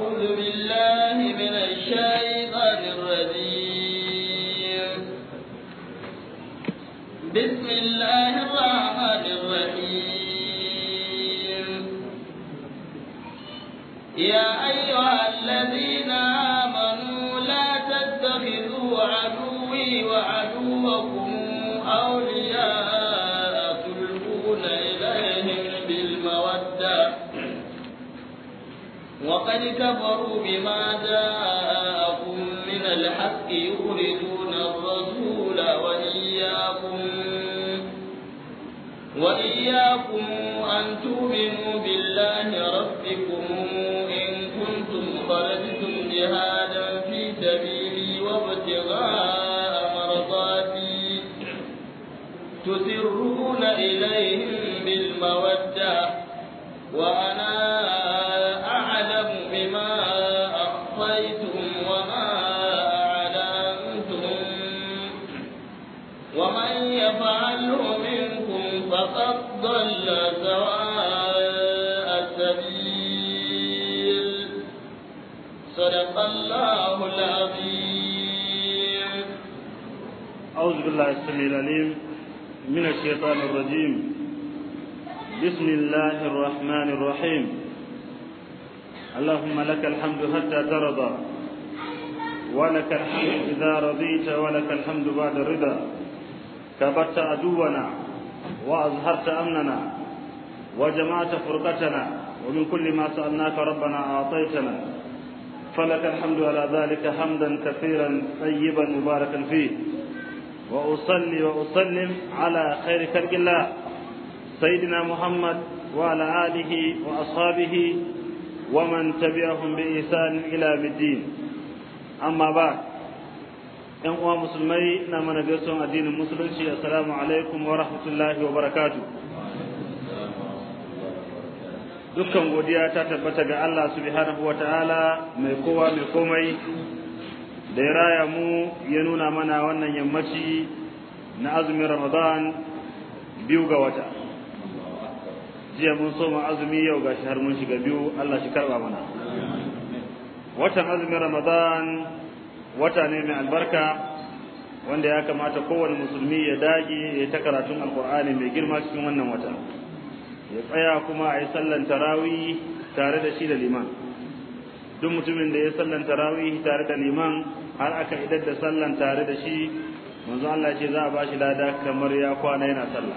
أعوذ وقد كفروا بما جاءكم من الحق يخرجون الرسول وإياكم وإياكم الله السميع العليم من الشيطان الرجيم بسم الله الرحمن الرحيم اللهم لك الحمد حتى ترضى ولك الحمد إذا رضيت ولك الحمد بعد الرضا كبرت عدونا وأظهرت أمننا وجمعت فرقتنا ومن كل ما سألناك ربنا أعطيتنا فلك الحمد على ذلك حمدا كثيرا طيبا مباركا فيه وأصلي وأسلم على خير خلق الله سيدنا محمد وعلى آله وأصحابه ومن تبعهم بإحسان إلى الدين أما بعد ‘yan uwa musulmai na mana gaisuwan addinin musulunci assalamu alaikum wa rahmatullahi wa barakatu dukkan godiya ta tabbata ga Allah subhanahu wa ta'ala mai kowa mai komai da ya raya mu ya nuna mana wannan yammaci na azumin ramadan biyu ga wata jiya mun so ma azumi yau ga shi har mun shiga biyu allah shi karba mana watan azumin ramadan wata ne mai albarka wanda ya kamata kowane musulmi ya dage ya ta karatun alkur'ani mai girma cikin wannan wata ya tsaya kuma a yi sallan tarawih tare da shi da liman duk mutumin da ya sallan tarawih tare da liman har aka idar da sallan tare da shi manzo Allah ce za a bashi lada kamar ya kwana yana sallah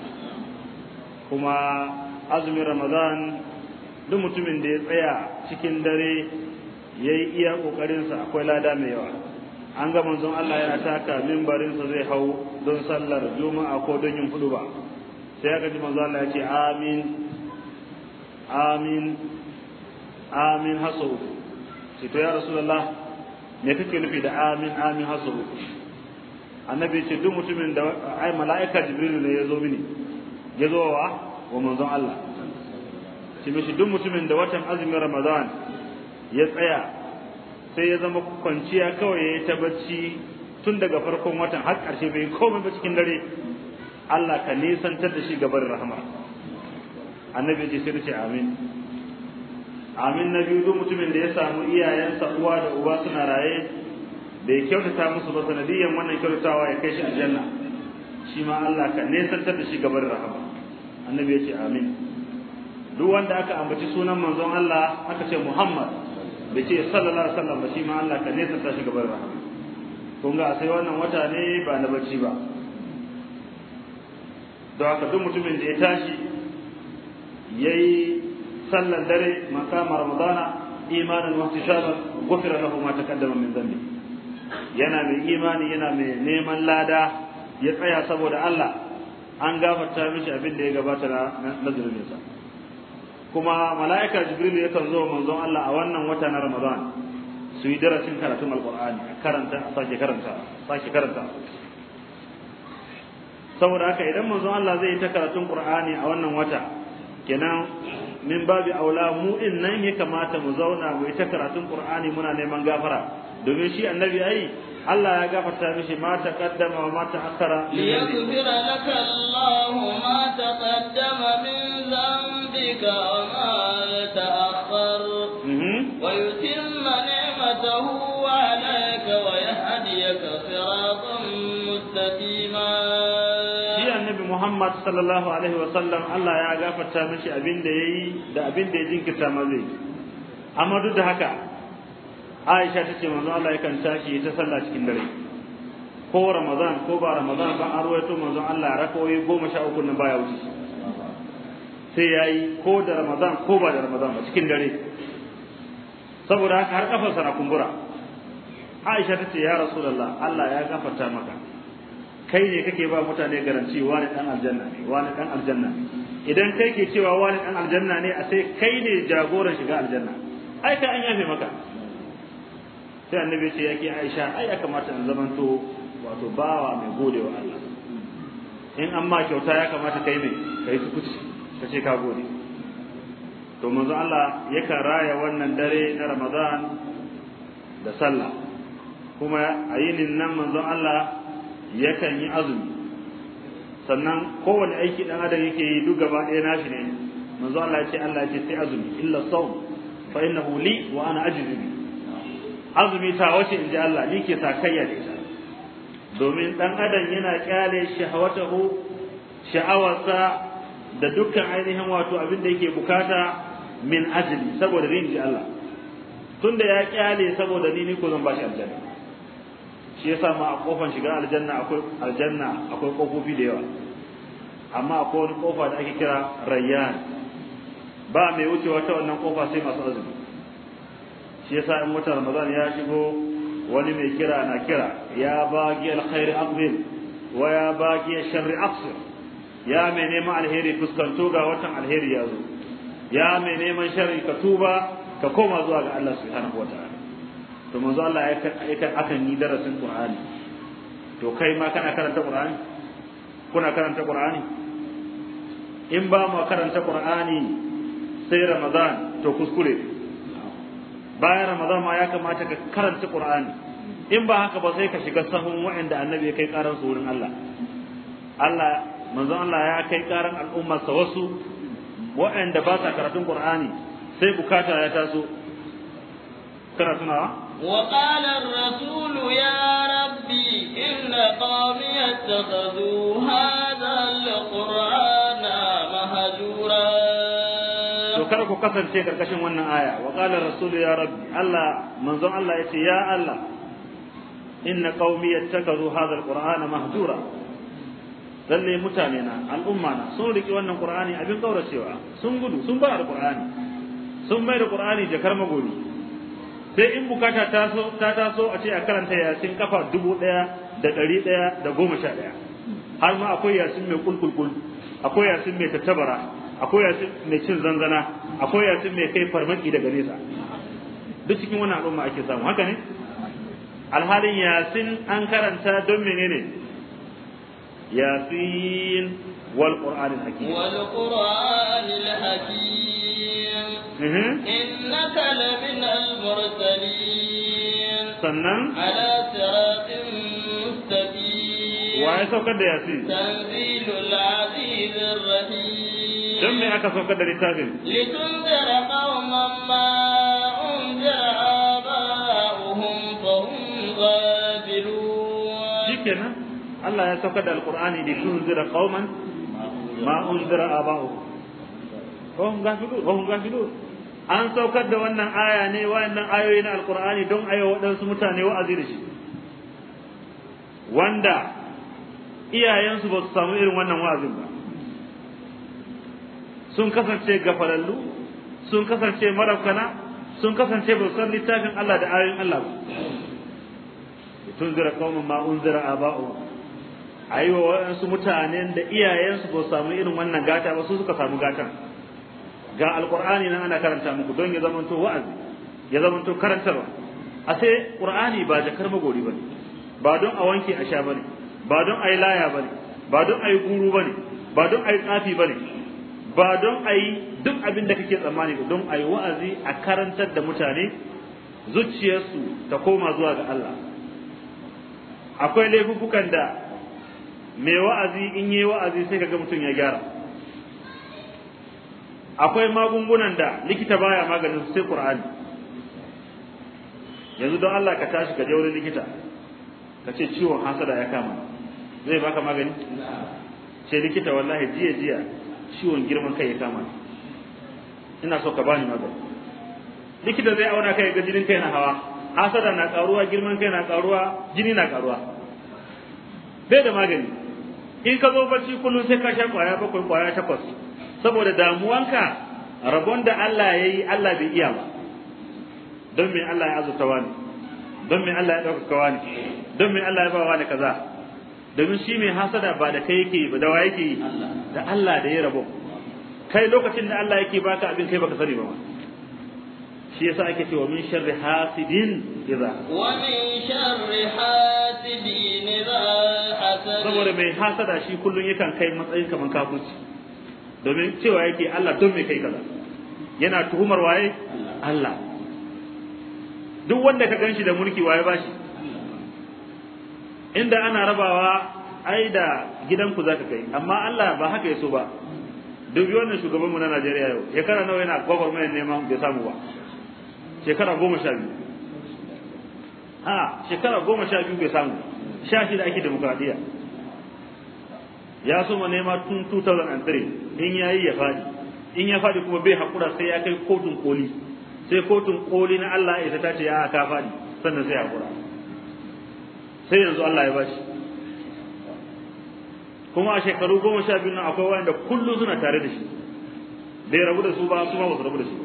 kuma azumin ramadan duk mutumin da ya tsaya cikin dare yayi iya kokarinsa akwai lada mai yawa an ga manzon Allah yana taka mimbarinsa zai hau don sallar juma'a ko don yin ba, sai aka ji manzon Allah ya ce amin amin amin hasu ce to ya rasulullah me kake nufi da amin amin hasuru annabi ce duk mutumin da ai mala'ika jibril ne ya zo mini ya zo wa wa manzon Allah ce mishi duk mutumin da watan azumin ramadan ya tsaya sai ya zama kwanciya kawai ya yi ta bacci tun daga farkon watan har karshe bai komai ba cikin dare Allah ka nisantar da shi gabar rahama annabi ce sai ce amin amin na biyu duk mutumin da ya samu iyayensa uwa da uba suna raye bai kyautata musu ba sanadiyan wannan kyautatawa ya kai shi aljanna shi ma Allah ka nesantar da shi gaban rahama annabi ya ce amin duk wanda aka ambaci sunan manzon Allah aka ce Muhammad bai ce sallallahu alaihi wasallam ba shi ma Allah ka nesantar shi gaban rahama kun ga sai wannan wata ne ba na bacci ba don haka duk mutumin da ya tashi yayi صلى الدري من قام رمضان ايمانا واحتسابا غفر له ما تقدم من ذنبه yana mai imani yana mai neman lada ya tsaya saboda Allah an gafarta mishi abin da ya gabata na zunubinsa kuma mala'ika jibril ya kan zo manzon Allah a wannan wata na Ramadan su yi darasin karatun alqur'ani karanta sake karanta sake karanta saboda haka idan manzon Allah zai yi ta karatun qur'ani a wannan wata kenan min babi aula mu in nan ya kamata mu zauna mu ta karatun qur'ani muna neman gafara domin shi annabi ai Allah ya gafarta mishi ma taqaddama wa ma ta'akhkhara liyaghfira laka Allahu ma taqaddama min dhanbika Muhammad sallallahu alaihi wa sallam Allah ya gafarta mishi abin da yayi da abin da ya jinkirta ma zai amma duk da haka Aisha ta ce manzo Allah yakan tashi ta sallah cikin dare ko Ramadan ko ba Ramadan ba an ruwaito manzo Allah ya goma sha uku na baya wuce sai yayi ko da Ramadan ko ba da Ramadan ba cikin dare saboda haka har kafarsa na kumbura Aisha ta ce ya Rasulullah Allah ya gafarta maka kai ne kake ba mutane garanti wani dan aljanna ne wani dan aljanna idan kai ke cewa wani dan aljanna ne a sai kai ne jagoran shiga aljanna ai ka an yafe maka sai annabi ce yake Aisha ai ya kamata in zamanto wato bawa mai godewa Allah in amma kyauta ya kamata kai ne kai su kuci ka ce ka gode to manzo Allah yakan raya wannan dare na Ramadan da sallah kuma a yinin nan manzo Allah yakan yi azumi sannan kowane aiki ɗan adam yake yi duk gaba ɗaya nashi ne manzo Allah ya ce Allah ya ce sai azumi illa sawm fa innahu li wa ana azumi ta wace inji Allah ni ke sakayya da ita domin ɗan adam yana kyale shahawatahu sha'awarsa da dukkan ainihin wato abin da yake bukata min ajli saboda rinji Allah tunda ya kyale saboda ni ni ko zan bashi aljanna shi yasa ma a kofar shiga aljanna akwai aljanna akwai kofofi da yawa amma akwai wani kofa da ake kira rayyan ba mai wucewa ta wannan kofa sai masu azumi shi yasa in wata ramadan ya shigo wani mai kira na kira ya baki alkhair aqbil wa ya baki ashar aqsir ya mai neman alheri fuskanto ga watan alheri ya zo ya mai neman sharri ka tuba ka koma zuwa ga Allah subhanahu wataala to manzo Allah kan akan ni darasin Qur'ani to kai ma kana karanta Qur'ani kuna karanta Qur'ani in ba mu karanta Qur'ani sai Ramadan to kuskure bayan Ramadan ma ya kamata ka karanta Qur'ani in ba haka ba sai ka shiga sahun wa'anda annabi ya kai karan su wurin Allah Allah manzo Allah ya kai karan sa wasu wa'anda ba sa karatun Qur'ani sai bukata ya taso kana tunawa وقال الرسول يا ربي إن قومي اتخذوا هذا القرآن مهجورا kada ku kasance karkashin wannan aya wa qala rasulu ya rabbi Allah manzon Allah yace ya Allah inna qaumi yattakazu hadha alqur'ana lalle mutane na al'umma na sun riki wannan qur'ani abin cewa sun gudu sun ba Qur'ani, sun mai da qur'ani jakar magori sai in bukata ta taso a ce a karanta yasin kafa dubu ɗaya da ɗari ɗaya da goma sha ɗaya har ma akwai yasin mai kulkulkul akwai yasin mai tattabara akwai yasin mai cin zanzana akwai yasin mai kai farmaki daga nesa duk cikin wannan al'umma ake samu haka ne alhalin yasin an karanta don menene yasin wal qur'anil hakim wal qur'anil hakim innaka laminal mursalin sannan ala siratin mustaqim wa ya saukar da yasin tanzilul azizir aka saukar da littafin litundara qauman ma unzira Allah ya saukar da alqur'ani litunzira qauman an saukar da wannan aya ne wayannan ayoyi na alqur'ani don ayo waɗansu mutane wa'azi da shi wanda iyayensu ba su samu irin wannan wa'azin ba sun kasance gafarallu sun kasance marafkana sun kasance ba su san littafin Allah da ayoyin Allah ba tunzira qauman ma unzira aba'u ayo wa waɗansu mutanen da iyayensu ba su samu irin wannan gata ba su suka samu gatan ga alqur'ani nan ana karanta muku don ya zamanto wa'azi ya zamanto karantarwa a sai qur'ani ba jakar magori bane ba don a wanke a sha bane ba don ayi laya bane ba don ayi guru bane ba don ayi tsafi bane ba don ayi duk abin da kake tsammani don ayi wa'azi a karantar da mutane zuciyarsu ta koma zuwa ga Allah akwai laifukan da mai wa'azi in yi wa'azi sai kaga mutum ya gyara akwai magungunan da likita baya maganin su sai qur'ani yanzu don Allah ka tashi ka je wurin likita ka ce ciwon hasada ya kama zai baka magani ce likita wallahi jiya jiya ciwon girman kai ya kama ina so ka bani magani likita zai auna kai ga jinin kai na hawa hasada na karuwa girman kai na karuwa jini na karuwa bai da magani in ka zo bacci kullum sai ka sha kwaya bakwai kwaya takwas saboda damuwanka rabon da Allah ya yi Allah bai iya ba don me Allah ya azurta wani don me Allah ya ɗaukaka wani don me Allah ya ba wani kaza domin shi mai hasada ba da kai yake ba da wa yake yi da Allah da ya rabo kai lokacin da Allah yake baka abin kai baka sani ba shi yasa ake cewa min sharri hasidin idza wa min sharri hasidin idza saboda mai hasada shi kullun yakan kai matsayin kaman kafirci domin cewa yake Allah don me kai kaza yana tuhumar waye Allah duk wanda ka ganshi da mulki waye bashi inda ana rabawa ai da gidanku zaka kai amma Allah ba haka ya so ba dubi wannan shugaban mu na Najeriya yau shekara nawa yana gwagwarmayar neman bai samu ba shekara goma sha biyu ha shekara goma sha biyu bai samu sha shida ake demokradiyya ya so nema tun 2003 in ya yi ya fadi in ya fadi kuma bai hakura sai ya kai kotun koli sai kotun koli na Allah ya ta ce ya ka fadi sannan sai hakura sai yanzu Allah ya bashi kuma a shekaru goma sha biyu nan akwai wanda kullum suna tare da shi bai rabu da su ba su ma wasu su rabu da shi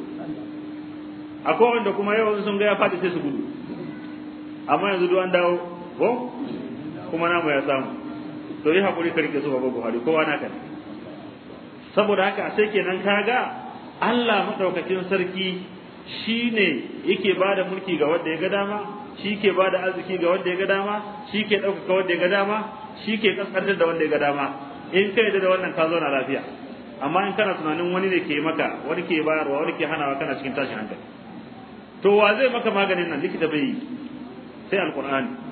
akwai wanda kuma yau sun ga ya fadi sai su gudu amma yanzu duk an dawo ko kuma namu ya samu to yi hakuri ka rike su baba Buhari kowa na kan saboda haka sai kenan kaga Allah madaukakin sarki shine yake bada mulki ga wanda ya ga dama shi ke bada arziki ga wanda ya ga dama shi ke ɗaukaka wanda ya ga dama shi ke kaskantar da wanda ya ga dama in ka yarda da wannan ka zauna lafiya amma in kana tunanin wani ne ke maka wani ke bayarwa wani ke hanawa kana cikin tashin hankali to wa zai maka maganin nan likita bai yi sai alqur'ani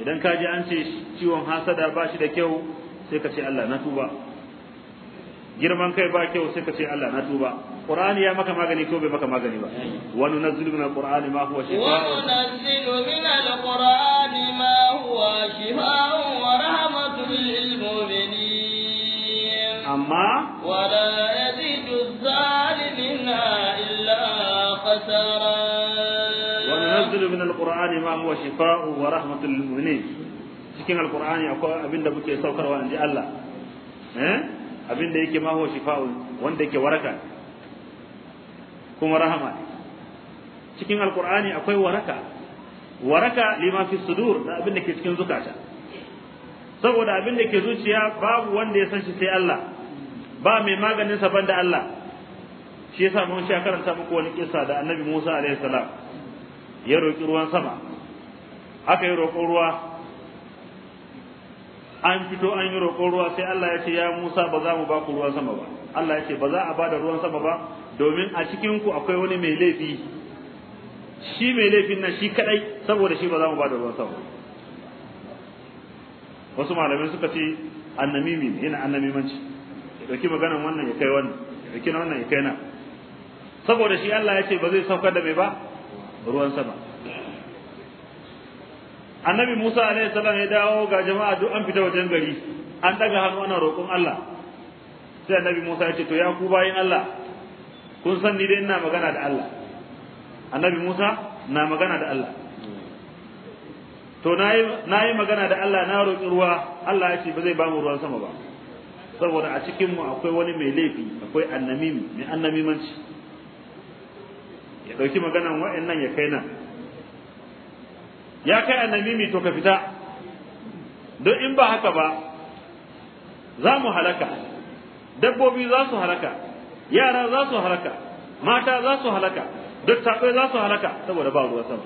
idan ka ji an ce ciwon hasada ba shi da kyau sai ka ce Allah na tuba girman kai ba kyau sai ka ce Allah na tuba Qur'ani ya maka magani ko bai maka magani ba wa nunazzilu min alqur'ani qurani ma huwa shifa wa nunazzilu min alqur'ani ma huwa shifa wa rahmatun lil mu'minin amma wa la yazidu adh-dhalimina illa khasara من alqur'ani ما هو شفاء wa للمؤمنين cikin alqur'ani akwai abin da muke saukarwa inji Allah eh abin da yake ma huwa shifa'u wanda yake waraka kuma rahama cikin alqur'ani akwai waraka waraka lima fi sudur da abin da ke cikin zukata saboda abin da ke zuciya babu wanda ya san shi sai Allah ba mai maganin sa banda Allah shi yasa mun sha karanta muku wani kissa da Annabi Musa alaihi salam ya roƙi ruwan sama aka yi roƙon ruwa an fito an yi roƙon ruwa sai Allah ya ce ya Musa ba za mu ba ku ruwan sama ba Allah ya ce ba za a ba da ruwan sama ba domin a cikin ku akwai wani mai laifi shi mai laifin nan shi kadai saboda shi ba za mu ba da ruwan sama wasu malamai suka ce annamimi yana annamimanci ya dauki maganar wannan ya kai wannan ya dauki wannan ya kai na saboda shi Allah ya ce ba zai saukar da mai ba ruwan sama annabi Musa alaihi salam ya dawo ga jama'a duk an fita wajen gari an daga hannu ana roƙon Allah sai annabi Musa ya ce to ya ku bayin Allah kun san ni dai ina magana da Allah annabi Musa na magana da Allah to nayi nayi magana da Allah na roƙi ruwa Allah ya ce ba zai bamu ruwan sama ba saboda a cikin mu akwai wani mai laifi akwai annamimi mai annamimanci ya ɗauki maganan wa'annan ya kai nan ya kai annamimi to ka fita don in ba haka ba za mu halaka dabbobi za su halaka yara za su halaka mata za su halaka dattaɓai za su halaka saboda ba ruwa sama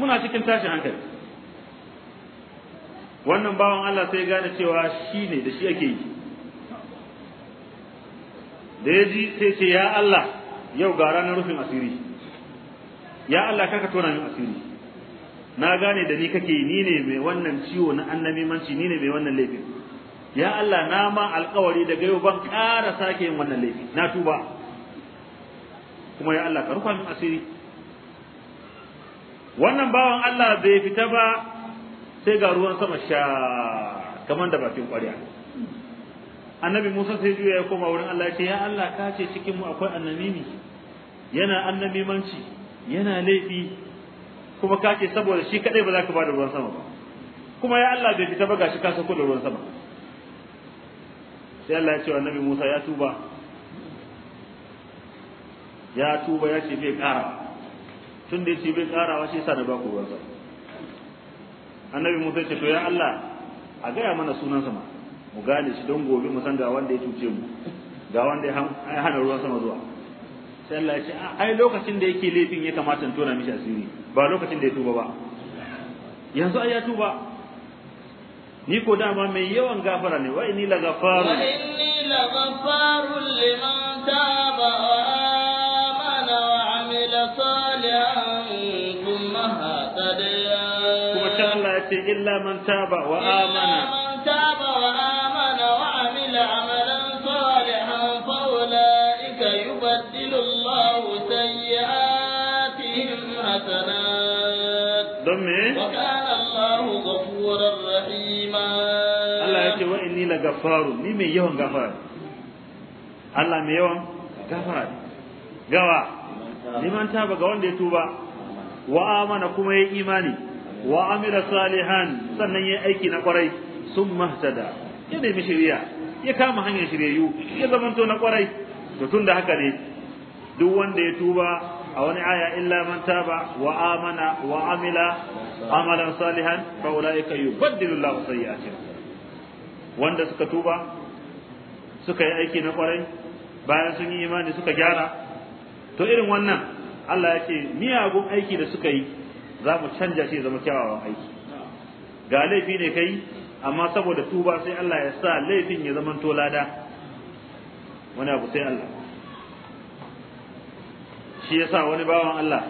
muna cikin tashin hankali wannan bawan Allah sai gane cewa shi ne da shi ake yi da ya ji sai ce ya Allah yau ga ranar rufin asiri ya Allah kaka tona min asiri na gane da ni kake ni ne mai wannan ciwo na annabi manci ni ne mai wannan laifin ya Allah na ma alƙawari daga yau ban ƙara sake yin wannan laifi na tuba kuma ya Allah ka rufa min asiri wannan bawan Allah bai fita ba sai ga ruwan sama sha kamar da bakin ƙwarya annabi Musa sai juya ya koma wurin Allah ya ce ya Allah ka ce cikin mu akwai annamimi yana manci yana laifi kuma ka ce saboda shi kadai ba za ka bada ruwan sama ba kuma ya Allah bai fita ba gashi ka sako da ruwan sama sai Allah ya ce annabi Musa ya tuba ya tuba ya ce bai kara tun da ya ce bai wa shi yasa da ba ruwan sama annabi Musa ya ce to ya Allah a gaya mana sunan sama. mu gane su don gobe mu san ga wanda ya cuce mu ga wanda ya hana ruwan sama zuwa sai Allah ya ce ai lokacin da yake laifin ya kamata in tona mishi asiri ba lokacin da ya tuba ba yanzu ai ya tuba ni ko dama mai yawan gafara ne wa inni la gafaru wa inni la gafaru liman taba amana wa amila salihan thumma kuma sai Allah ya ce illa man taba wa amana man taba wa amana na gafaru ni mai yawan gafara Allah mai yawan gafara gawa liman taba ga wanda ya tuba wa amana kuma ya imani wa amira salihan sannan ya aiki na kwarai sun mahtada ya nemi shiriya ya kama hanyar shiryayyu ya zamanto na kwarai to tunda haka ne duk wanda ya tuba a wani aya illa man taba wa amana wa amila amalan salihan fa ulaika yubaddilu Allahu sayyi'atihim wanda suka tuba suka yi aiki na kwarai bayan sun yi imani suka gyara to irin wannan Allah ya ce miyagun aiki da suka yi za mu canja shi zama kyawawan aiki ga laifi ne kai amma saboda tuba sai Allah ya sa laifin ya zama lada wani abu sai Allah shi yasa wani bawan Allah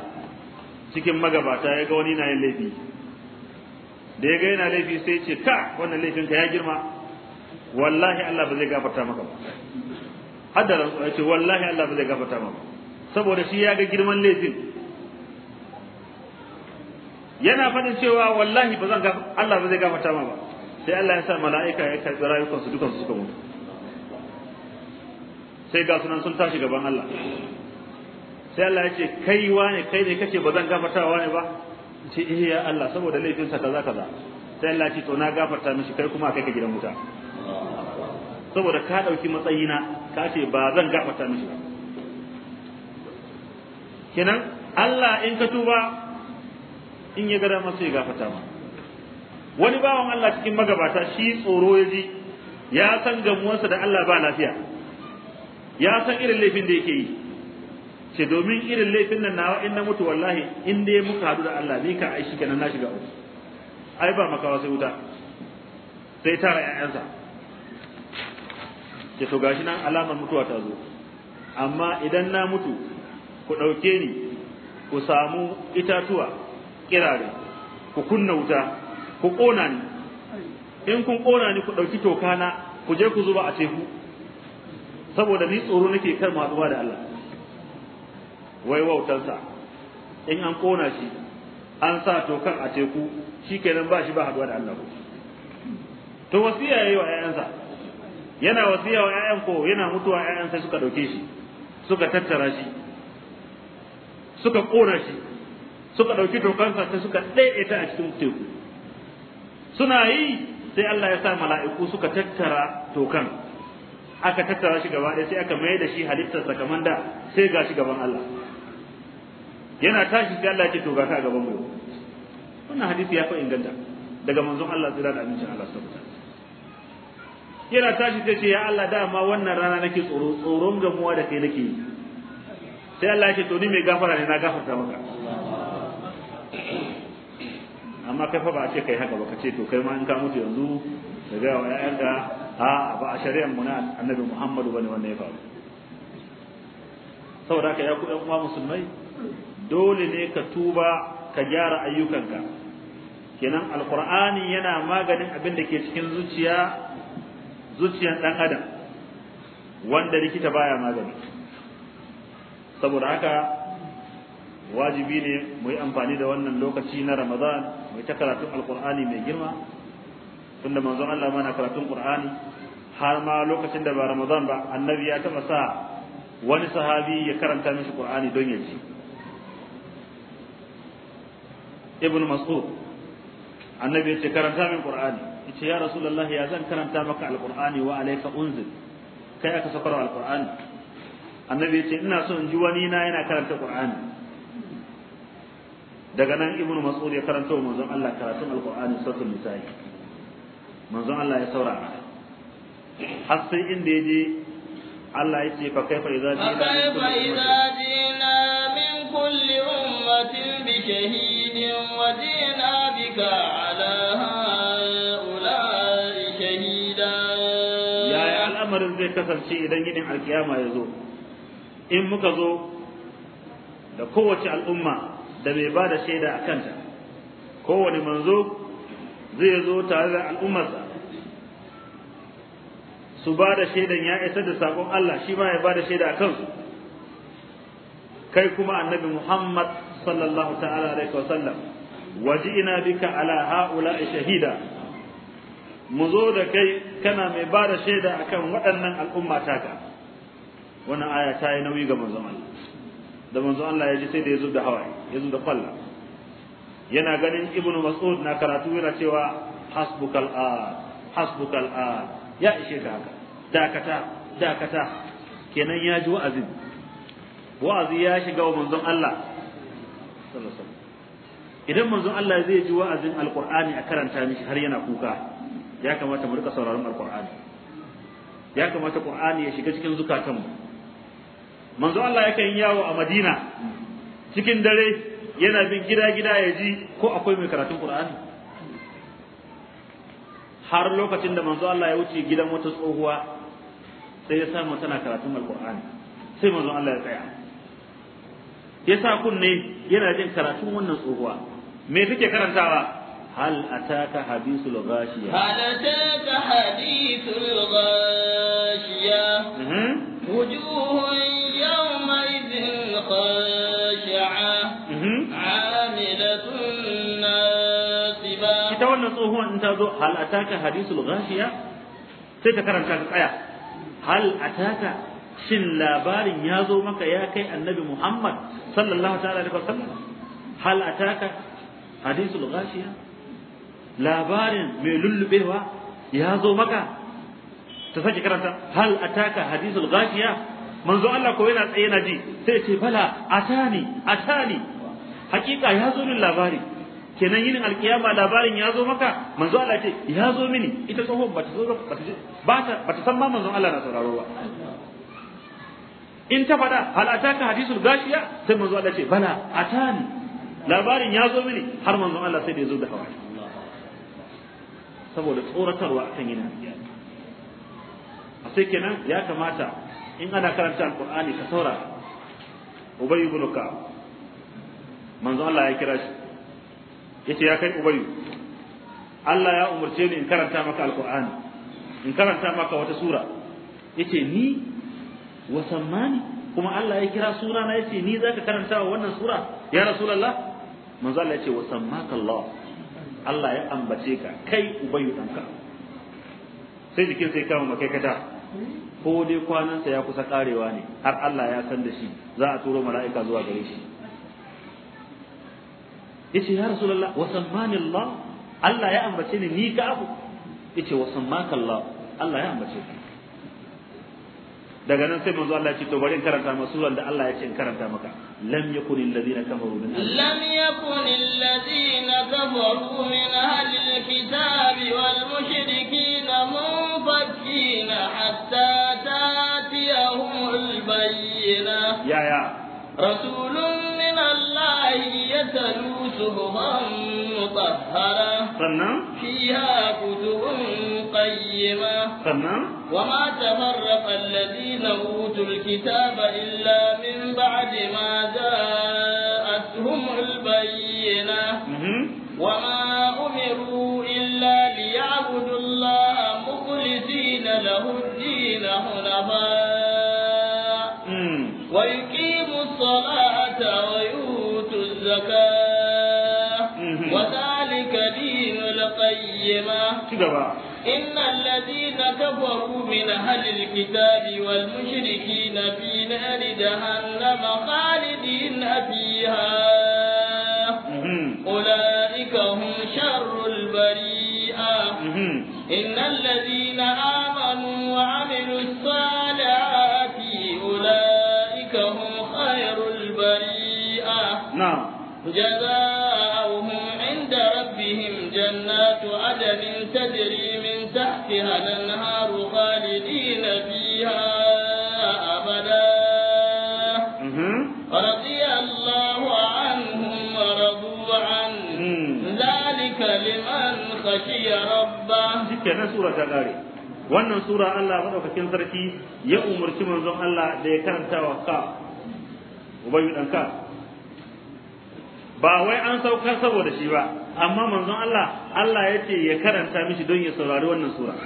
cikin magabata ya ga wani na yin laifi da ya ga yana laifi sai ce ka wannan laifinka ya girma wallahi Allah ba zai gafarta maka ba hadda rantsuwa yace wallahi Allah ba zai gafarta maka saboda shi ya ga girman laifin yana fadin cewa wallahi ba zan Allah ba zai gafarta maka ba sai Allah ya sa mala'ika ya karɓi rayukansu dukansu suka mutu sai ga sunan sun tashi gaban Allah sai Allah ya ce kai wane kai ne kace ba zan gafarta wane ba ce eh ya Allah saboda laifinsa kaza kaza sai Allah ya ce to na gafarta mishi kai kuma kai ka gidan wuta saboda ka ɗauki matsayina ka ce ba zan gafarta mishi ba kenan Allah in ka tuba in ya gada masa ya gafarta ma wani bawan Allah cikin magabata shi tsoro ya ji ya san gamuwarsa da Allah ba lafiya ya san irin laifin da yake yi ce domin irin laifin nan nawa in na mutu wallahi in dai muka haɗu da Allah ni ka aishi kenan na shiga uku ai ba makawa sai wuta sai tara 'ya'yansa ce to gashi nan alamar mutuwa ta zo amma idan na mutu ku ɗauke ni ku samu itatuwa kirare ku kunna wuta ku ƙona ni in kun ƙona ni ku ɗauki na ku je ku zuba a teku saboda ni tsoro nake kar matsuwa da Allah wai wautansa in an ƙona shi an sa tokan a teku shi kenan ba shi ba haɗuwa da Allah to wasiya yi wa 'ya'yansa yana wasiya wa ƴaƴan ko yana mutuwa ƴaƴan sai suka dauke shi suka tattara shi suka ƙona shi suka ɗauki tokansa sai suka ɗaiɗe ta a cikin teku suna yi sai Allah ya sa mala'iku suka tattara tokan aka tattara shi gaba ɗaya sai aka mai da shi halittar kamar da sai ga shi gaban Allah yana tashi sai Allah ya ce to ga ka gaban mu wannan hadisi ya fa inganta daga manzon Allah tsira da amincin Allah subhanahu yana tashi sai ce ya Allah dama wannan rana nake tsoro tsoron gamuwa da kai nake yi sai Allah ya ce to ni mai gafara ne na gafarta maka amma kai fa ba a ce kai haka ba ka ce to kai ma in ka mutu yanzu da ga wa ƴaƴanka a ba a shari'ar mu na annabi Muhammadu bane wannan ya faru saboda ka ya ku ƴan uwa musulmai dole ne ka tuba ka gyara ayyukanka kenan alqur'ani yana maganin abin da ke cikin zuciya zuciyar ɗan adam wanda likita baya magani saboda haka wajibi ne mu yi amfani da wannan lokaci na Ramadan mu ta karatun Alƙur'ani mai girma tunda manzon Allah ma na karatun Qur'ani har ma lokacin da ba Ramadan ba annabi ya taba sa wani sahabi ya karanta mishi Qur'ani don ya ci Ibn Mas'ud annabi ya ce karanta min Qur'ani yace ya rasu rasulullahi ya zan karanta maka alqur'ani wa alayka unzil kai aka sakar alqur'ani annabi ya ce ina so in ji wani na yana karanta qur'ani daga nan ibnu mas'ud ya karanta wa manzon Allah karatun alqur'ani suratul nisa'i manzon Allah ya saurara har sai inda ya je Allah ya yace fa kaifa idza jina min kulli ummatin bi shahidin wa jina bika zai kasance idan yinin alkiyama ya zo in muka zo da kowace al'umma da mai ba da shaida a kanta kowane manzo zai zo tare da al'ummarsa su ba da shaidan ya isar da sakon Allah shi ma ya ba da shaida a kansu kai kuma annabi Muhammad sallallahu ta'ala alaihi wa sallam waji'ina bika ala ha'ula shahida mu zo da kai kana mai ba da shaida akan waɗannan al'umma taka wannan aya ta yi nauyi ga manzon Allah da manzon Allah ya ji sai da ya zub da hawaye ya zub da kwalla yana ganin ibnu mas'ud na karatu yana cewa hasbukal a hasbukal a ya ishe ka haka dakata dakata kenan ya ji wa'azin wa'azi ya shiga wa manzon Allah sallallahu alaihi wasallam idan manzon Allah zai ji wa'azin alqur'ani a karanta mishi har yana kuka ya kamata mu rika sauraron alqur'ani ya kamata qur'ani ya shiga cikin zukatanmu manzo Allah yin yawo a Madina cikin dare yana bin gida-gida ya ji ko akwai mai karatun Qur'ani har lokacin da manzo Allah ya wuce gidan wata tsohuwa sai ya samu tana karatun al sai manzo Allah ya tsaya ya sa kunne yana jin karatun wannan tsohuwa me take karantawa هل أتاك حديث الغاشية هل أتاك حديث الغاشية وجوه يومئذ خاشعة عاملة ناصبة كتاب النصوح أنت هل أتاك حديث الغاشية سيتكرر أنت آية هل أتاك shin labarin ya zo maka ya kai annabi Muhammad sallallahu ta'ala alaihi wasallam hal ataka hadithul ghashiya labarin mai lullubewa ya zo maka ta sake karanta hal ataka hadisul ghashiya manzo Allah ko yana tsaye na ji sai ce bala atani atani hakika ya zo min labari kenan yin alkiyama labarin ya zo maka manzo Allah ce ya zo mini ita tsohon ta zo ba ta san ma manzo Allah na sauraro ba in ta faɗa hal ataka hadisul gashiya sai manzo Allah ce bala atani labarin ya zo mini har manzo Allah sai da ya zo da hawa. saboda tsoratarwa akan yin nasiya a sai kenan ya kamata in ana karanta alqur'ani ka saura ubay ibn ka'ab manzo Allah ya kira shi yace ya kai Ubayu. Allah ya umurce ni in karanta maka alqur'ani in karanta maka wata sura yace ni wasammani kuma Allah ya kira sura na yace ni zaka karanta wannan sura ya rasulullah manzo Allah yace wasammaka Allah Allah ya ambace ka kai ubayu ɗanka, sai jikin sai kama makai kata ko dai kwanansa ya kusa karewa ne har Allah ya san da shi za a turo mala'ika zuwa gare shi yace ya rasulullah wa sammani Allah Allah ya ambace ni ni ka abu yace wa sammaka Allah Allah ya ambace ka daga nan sai manzo Allah ya ce to bari in karanta masuran da Allah ya ce in karanta maka لم يكن الذين كفروا من أهل لم يكن الذين كفروا من أهل الكتاب والمشركين منفكين حتى تأتيهم البينة يا يا رسول من الله يتلو سهما مطهرة فيها كتب قيمة وما تفرق الذين أوتوا الكتاب إلا من بعد ما جاءتهم البينة وما أمروا إلا ليعبدوا الله مخلصين له الدين حنفاء ويقيموا الصلاة ويؤتوا الزكاة وذلك دين القيمة إن الذين كفروا من أهل الكتاب والمشركين في نار جهنم خالدين فيها أولئك هم شر البريئة إن الذين آمنوا وعملوا الصالحات أولئك هم خير البريئة نعم جزاؤهم عند ربهم جنات عدن تجري من تحتها الانهار خالدين فيها ابدا رضي الله عنهم ورضوا عنه ذلك لمن خشي ربه wannan sura Allah maɗaukakin sarki ya umarci manzon Allah da ya karanta wa ka ubangi ɗanka ba wai an sauka saboda shi ba amma manzon Allah Allah ya ce ya karanta mishi don ya saurari wannan sura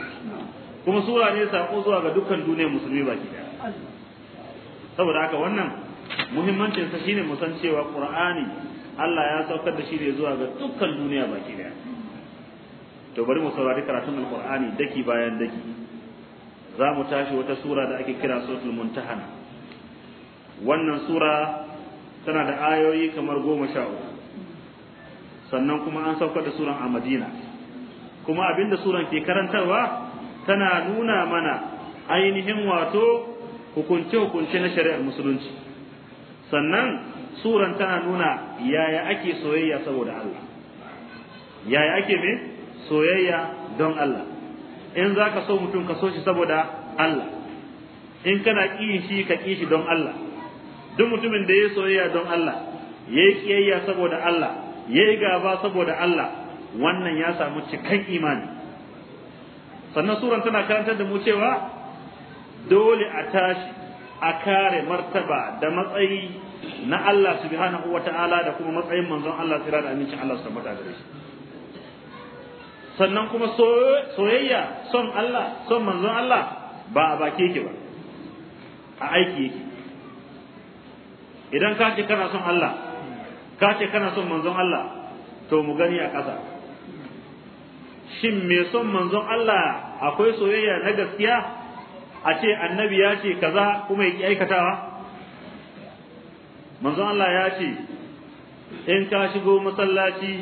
kuma sura ne sako zuwa ga dukkan duniyar musulmi baki daya saboda haka wannan muhimmancin sa shine mu san cewa Qur'ani Allah ya saukar da shi ne zuwa ga dukkan duniya baki daya to bari mu saurari karatun al daki bayan daki za mu tashi wata sura da ake kira Suratul Muntahana wannan sura tana da ayoyi kamar goma sha uku sannan kuma an saukar da suran a madina kuma abinda suran ke karantarwa tana nuna mana ainihin wato hukunce-hukunce na shari'ar musulunci sannan suran tana nuna yaya ake soyayya saboda Allah yaya ake me soyayya don Allah in za ka so mutum ka so shi saboda Allah in kana ƙi shi ka ƙi shi don Allah duk mutumin da ya soyayya don Allah ya yi kiyayya saboda Allah ya yi gaba saboda Allah wannan ya samu cikan imani sannan suran tana karantar da mu cewa dole a tashi a kare martaba da matsayi na Allah subhanahu wata'ala da kuma matsayin manzon Allah tsira da amincin Allah su tabbata da shi sannan kuma soyayya son Allah son manzon Allah ba a baki yake ba a aiki yake idan ka ce kana son Allah ka ce kana son manzon Allah to mu gani a ƙasa shin me son manzon Allah akwai soyayya na gaskiya a ce annabi ya ce kaza kuma ya aikatawa manzon Allah ya ce in ka shigo masallaci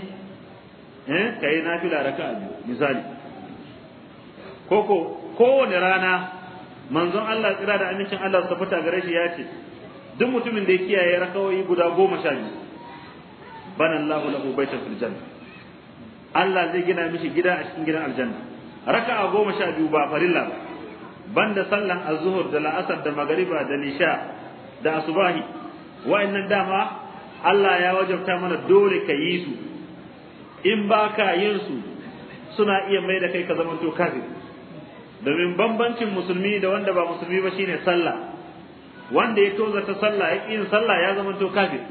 eh kai nafila raka'a misali koko kowane rana manzon Allah tsira da amincin Allah su fita gare shi ya ce duk mutumin da ya kiyaye rakawoyi guda goma sha biyu bana Allahu lahu baitan fil janna Allah zai gina mishi gida a cikin gidan aljanna raka'a goma sha biyu ba farilla ba banda sallan azhur da la'asar da magariba da nisha da asubahi wa'annan dama Allah ya wajabta mana dole ka yi su in ba ka yin su suna iya mai da kai ka zamanto kafir domin bambancin musulmi da wanda ba musulmi ba shine sallah wanda ya toza ta sallah ya yin sallah ya zama to kafir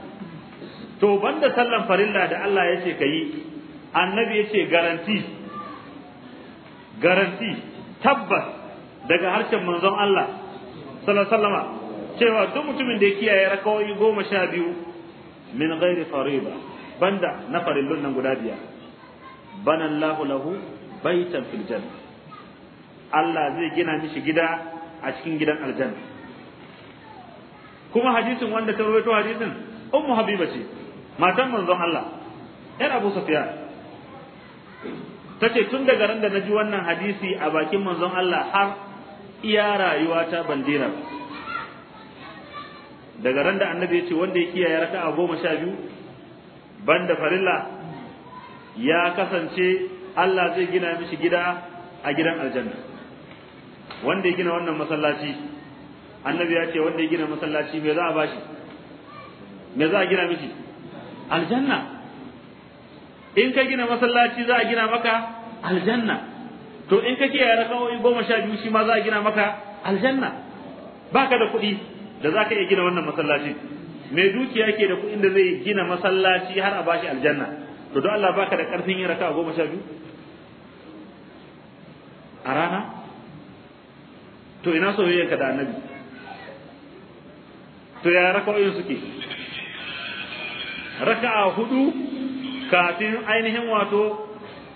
to banda sallan farilla da Allah ya ce kai annabi ya ce garanti garanti tabbas daga harshen manzon Allah sallallahu alaihi cewa duk mutumin da ya kiyaye rakawoyi goma sha biyu min ghairi fariba banda na farillun nan guda biyar bana lahu baitan fil janna Allah zai gina mishi gida a cikin gidan aljanna kuma hadisin wanda ta rawaito hadisin ummu habiba ce matan manzon Allah yar Abu Sufyan tace tun daga ran da naji wannan hadisi a bakin manzon Allah har iya rayuwa ta bandira daga ran da annabi ya ce wanda ya kiyaye raka'a goma sha biyu banda farilla ya kasance Allah zai gina mishi gida a gidan aljanna wanda ya gina wannan masallaci annabi ya ce wanda ya gina masallaci me za a bashi me za a gina miki aljanna in ka gina masallaci za a gina maka aljanna to in ka kiyaye rakawoyi goma sha biyu shi ma za a gina maka aljanna baka da kuɗi da za ka iya gina wannan masallaci mai dukiya ke da kuɗin da zai gina masallaci har a bashi aljanna to don Allah baka da ƙarfin yin raka'a goma sha biyu a rana to ina soyayyarka da annabi to ya raka'o'in suke raka'a hudu kafin ainihin wato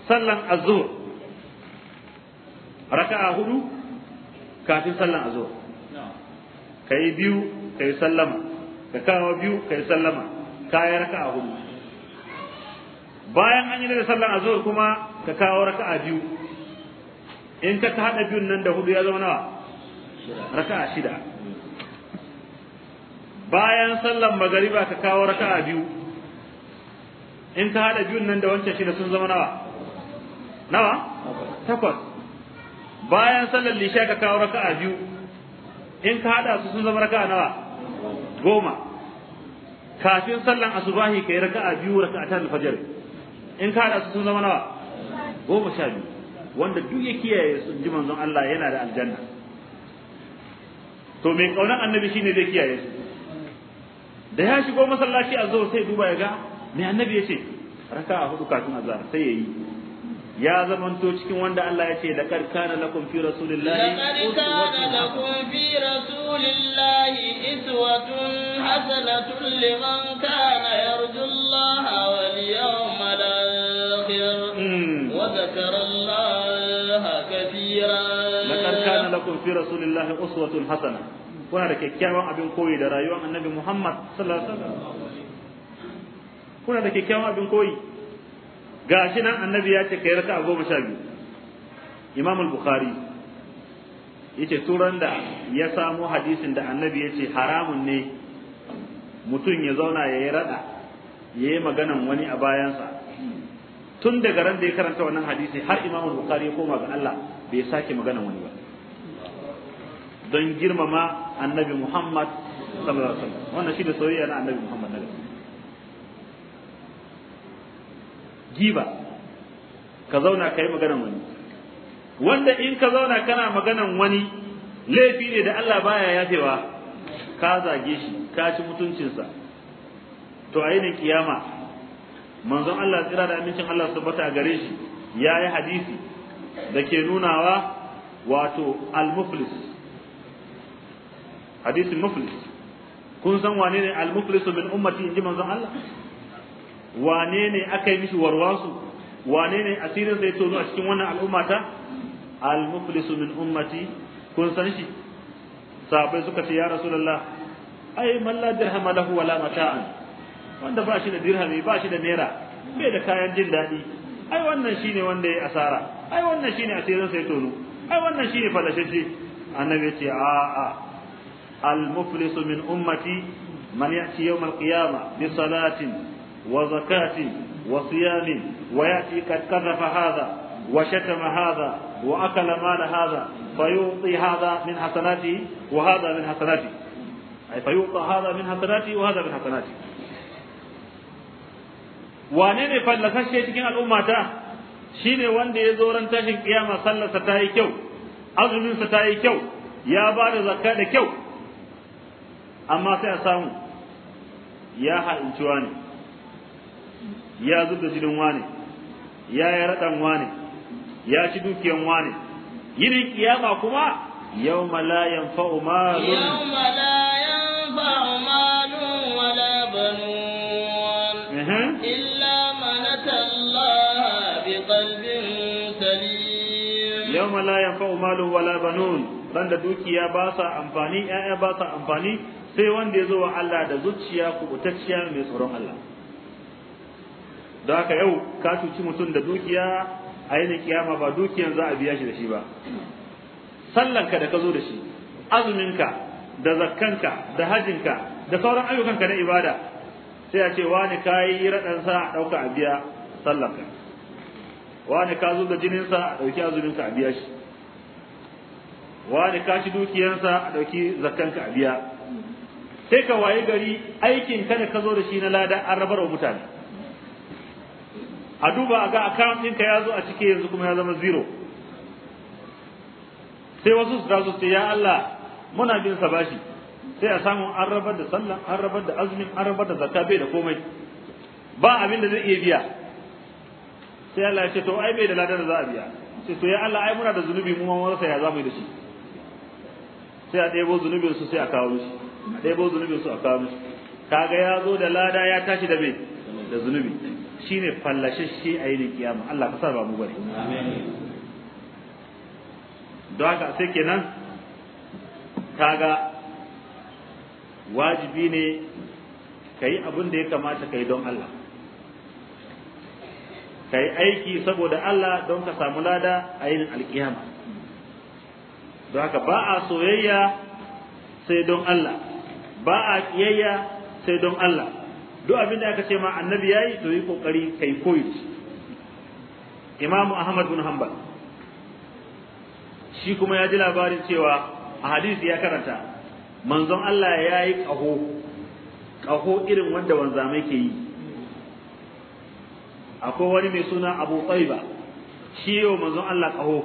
sallan azur raka'a hudu kafin sallan azur kai biyu kai sallama ka kawo biyu kai sallama kayi raka'a hudu bayan an yi da sallan azur kuma ka kawo raka'a biyu in ka hada biyun nan da hudu ya zama nawa raka'a shida bayan sallan magariba ka kawo raka'a biyu in ka hada biyun nan da wancan shida sun zama nawa nawa takwas bayan sallan lisha ka kawo raka'a biyu in ka hada su sun zama raka'a nawa goma kafin sallan asubahi kai raka'a biyu ta alfajr in ka hada su sun zama nawa goma sha biyu wanda duk ya kiyaye su ji manzon Allah yana da aljanna to mai kaunar annabi shine zai kiyaye su da ya shigo masallaci a zuwa sai duba ya ga me annabi ya ce raka a hudu kafin azhar sai ya yi ya zamanto cikin wanda Allah ya ce da kar kana lakum fi rasulillahi laqad kana fi iswatun hmm. wa kana lakum fi rasulillahi uswatun hasanah kuna da kyakkyawan abin koyi da rayuwar annabi Muhammad sallallahu alaihi wasallam kuna da kyakkyawan abin koyi gashi nan annabi ya ce kai raka'a goma sha biyu Imam al-Bukhari yace turan da ya samo hadisin da annabi yace haramun ne mutum ya zauna ya yi rada ya yi maganan wani a bayansa tun daga ran da ya karanta wannan hadisi har Imam al-Bukhari ya koma ga Allah bai sake maganan wani ba don girmama annabi Muhammad sallallahu alaihi wasallam wannan da soyayya na annabi Muhammad na gaske giba ka zauna yi maganan wani wanda in ka zauna kana maganan wani laifi ne da Allah baya yafewa ka zage shi ka ci mutuncinsa to a yinin kiyama manzon Allah tsira da amincin Allah bata gare shi yayi hadisi da ke nunawa wato al-muflis hadisin muflis kun san wane ne al-muflisu min ummati inji manzon Allah wane ne aka yi mishi warwasu wane ne asirin sai tono a cikin wannan al'ummata al-muflisu min ummati kun san shi sahabbai suka ce ya rasulullah ay man la dirhama lahu wala mata'an wanda ba shi da dirhami ba shi da naira bai da kayan jin daɗi ai wannan shine wanda ya asara ai wannan shine asirin sai tono ai wannan shine fadashashe annabi ce a'a المفلس من أمتي من يأتي يوم القيامة بصلاة وزكاة وصيام ويأتي قد كذب هذا وشتم هذا وأكل مال هذا فيعطي هذا من حسناته وهذا من حسناته أي فيعطى هذا من حسناته وهذا من حسناته wane ne fallasashe الأمة al'ummata shine wanda ya zo ran tashin kiyama sallarsa ta yi kyau azuminsa ta yi kyau ya ba da zakka da kyau amma sai a samu ya ha'inci wani ya zub da jinin wani ya yi raɗan wani ya ci dukiyan wani yinin kiyama kuma yau la yanfa'u malun yawma la yanfa'u malun wala banun illa man yawma la yanfa'u malun wala banun ran da dukiya ba sa amfani ƴaƴa ba sa amfani sai wanda ya zo wa Allah da zuciya kubutacciya mai tsoron Allah don haka yau ka cuci mutum da dukiya a yi kiyama ba dukiyan za a biya shi da shi ba sallanka da ka zo da shi azuminka da zakkanka da hajinka da sauran ayyukanka na ibada sai a ce wani ka yi raɗansa a ɗauka a biya sallanka wani ka zo da jininsa a ɗauki azuminka a biya shi wani ka ci dukiyansa a ɗauki zakkanka a biya sai ka waye gari aikin ka da ka zo da shi na lada an rabar wa mutane a duba a ga account ɗinka ya zo a cike yanzu kuma ya zama zero sai wasu su taso ce ya Allah muna bin sa bashi sai a samu an rabar da sallan an rabar da azumin an rabar da zakka bai da komai ba abin da zai iya biya sai Allah ya ce to ai bai da ladar da za a biya sai to ya Allah ai muna da zunubi mu ma wasa rasa ya zamu yi da shi sai a ɗebo zunubin su sai a kawo shi a bo zunubin su a kawo musu kaga ya zo da lada ya tashi da me da zunubi shine fallashashe a yinin kiyama Allah ka sa ba mu bari don haka sai kenan kaga wajibi ne ka yi abin da ya kamata ka yi don Allah ka yi aiki saboda Allah don ka samu lada a yin alkiyama don haka ba a soyayya sai don Allah ba a kiyayya sai don Allah duk abin da aka ce ma annabi yayi to yi kokari kai koyi Imam Ahmad bin Hanbal shi kuma ya ji labarin cewa a hadisi ya karanta manzon Allah ya yi ƙaho irin wanda wanzamai ke yi akwai wani mai suna Abu Tsaiba shi yau manzon Allah ƙaho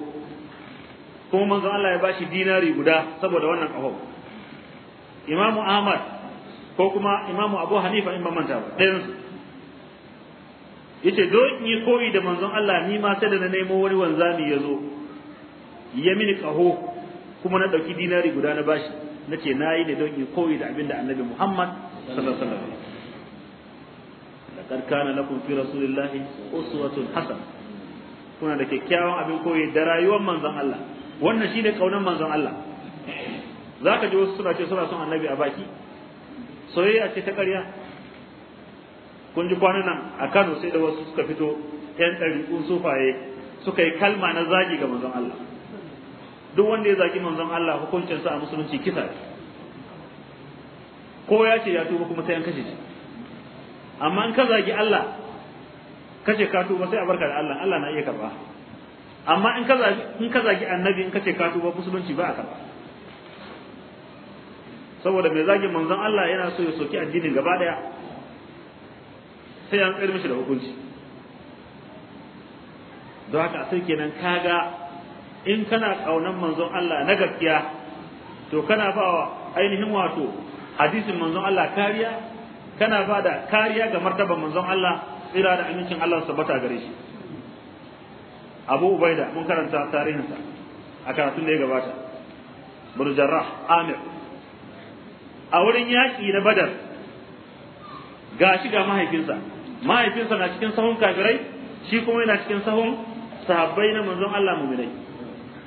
kuma manzon Allah ya bashi dinari guda saboda wannan ƙaho imamu ahmad ko kuma imamu abu hanifa in ban manta ba ɗayan Ya yace don in yi koyi da manzon Allah ni ma sai da na nemo wani wanzami ya zo ya mini kaho kuma na ɗauki dinari guda na bashi na ce na yi ne don in koyi da abin da annabi Muhammad sallallahu alaihi wasallam laqad kana lakum fi rasulillahi uswatun hasan kuna da kyakkyawan abin koyi da rayuwar manzon Allah wannan shine kaunar manzon Allah za ka ji wasu suna ce suna son annabi a baki soyayya ce ta ƙarya kun ji kwanan nan a kano sai da wasu suka fito yan ɗariƙun sufaye suka yi kalma na zagi ga manzon Allah duk wanda ya zagi manzon Allah hukuncinsa a musulunci kisa ko ya ce ya tuba kuma sai an kashe amma in ka zagi Allah kace ka tuba sai a barka da Allah Allah na iya karba amma in ka zagi in ka zagi annabi in kace ka tuba musulunci ba a karba saboda mai zagin manzon Allah yana so ya soki addinin gaba daya sai an tsayar mishi da hukunci don haka sai kenan kaga in kana kaunan manzon Allah na gaskiya to kana ba wa ainihin wato hadisin manzon Allah kariya kana ba da kariya ga martaban manzon Allah tsira da amincin Allah bata gare shi Abu Ubaida mun karanta tarihinsa a karatun da ya gabata Burjarrah Amir a wurin yaƙi na badar ga shi ga mahaifinsa mahaifinsa na cikin sahun kafirai shi kuma yana cikin sahun sahabbai na manzon Allah mu'minai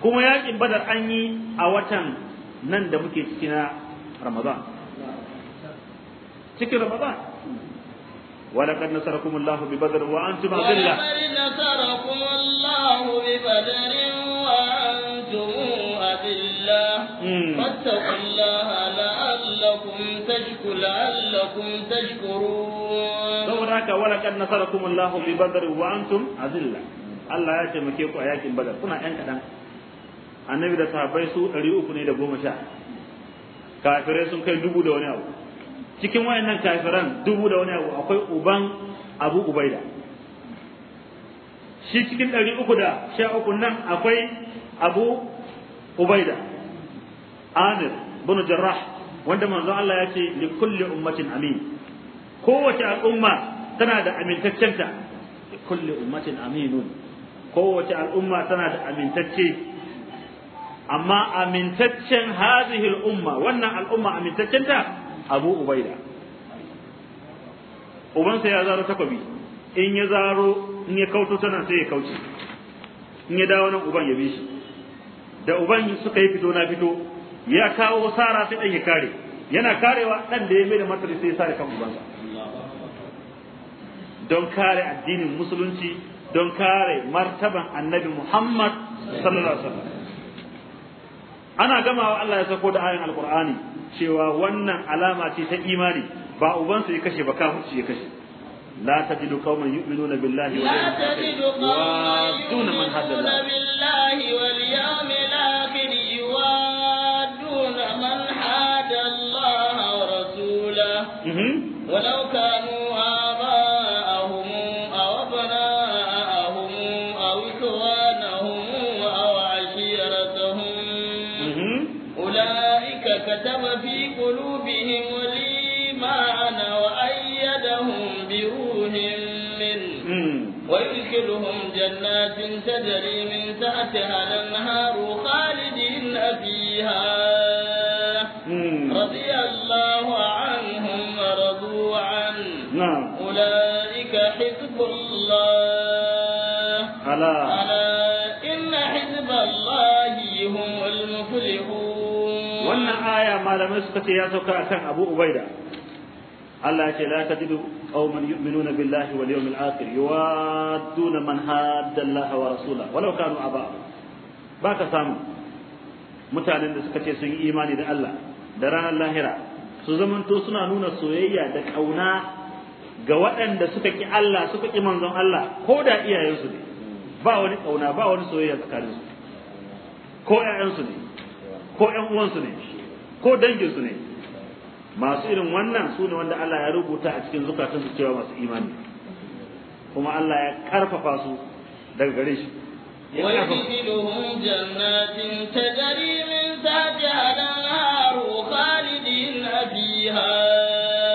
kuma yaƙin badar an yi a watan nan da muke ciki na ramadan cikin ramadan ولقد نصركم الله ببدر وأنتم أذلة ولقد نصركم الله ببدر وأنتم أذلة فاتقوا الله لعلكم تشكرون saboda haka wala kad nasarakum Allahu bi badr wa Allah ya taimake ku a yakin badar kuna yan kadan annabi da sahabbai su 300 ne da 10 kafirai sun kai dubu da wani abu cikin wayannan kafiran dubu da wani abu akwai uban Abu Ubaida shi cikin da uku nan akwai Abu Ubaida Amir bin Jarrah wanda manzo Allah ya ce li kulli ummatin amin kowace al'umma tana da amintaccenta li kulli ummatin aminun kowace al'umma tana da amintacce amma amintaccen hadhihi al'umma wannan al'umma amintaccenta Abu Ubaida ubansa ya zaro takobi in ya zaro in ya kauto tana sai ya kauce in ya dawo nan uban ya bi shi da uban suka yi fito na fito ya kawo sara sai dan ya kare yana karewa dan da ya mai da matsari sai ya sare kan ubansa don kare addinin musulunci don kare martaban annabi Muhammad sallallahu alaihi wasallam ana gamawa Allah ya sako da ayan alqur'ani cewa wannan alama ce ta imani ba ubansa ya kashe ba kafirci ya kashe لا تجد قوما يؤمنون بالله واليوم الآخر لا تجد قوما يؤمنون بالله واليوم الآخر ولو كانوا آباءهم أو أبناءهم أو إخوانهم أو عشيرتهم أولئك كتب في قلوبهم الإيمان وأيدهم بروح منه ويدخلهم جنات تجري من تحتها الأنهار خالدين فيها ألا إن حزب الله هم المفلحون wannan aya malamai suka ce ya sauka akan Abu Ubaida Allah ce la tajidu Allah wa rasulahu walau kanu mutanen da suka ce sun yi imani da Allah da ranar lahira su zamanto suna nuna soyayya da kauna ga waɗanda suka ƙi Allah suka ƙi manzon Allah ko da iyayensu ne ba wani ƙauna ba wani soyayya tsakanin su ko ƴaƴansu ne ko ƴan uwansu ne ko danginsu ne masu irin wannan su ne wanda Allah ya rubuta a cikin zukatansu cewa masu imani kuma Allah ya karfafa su daga gare shi ويدخلهم جنات تجري من تحتها الأنهار خالدين فيها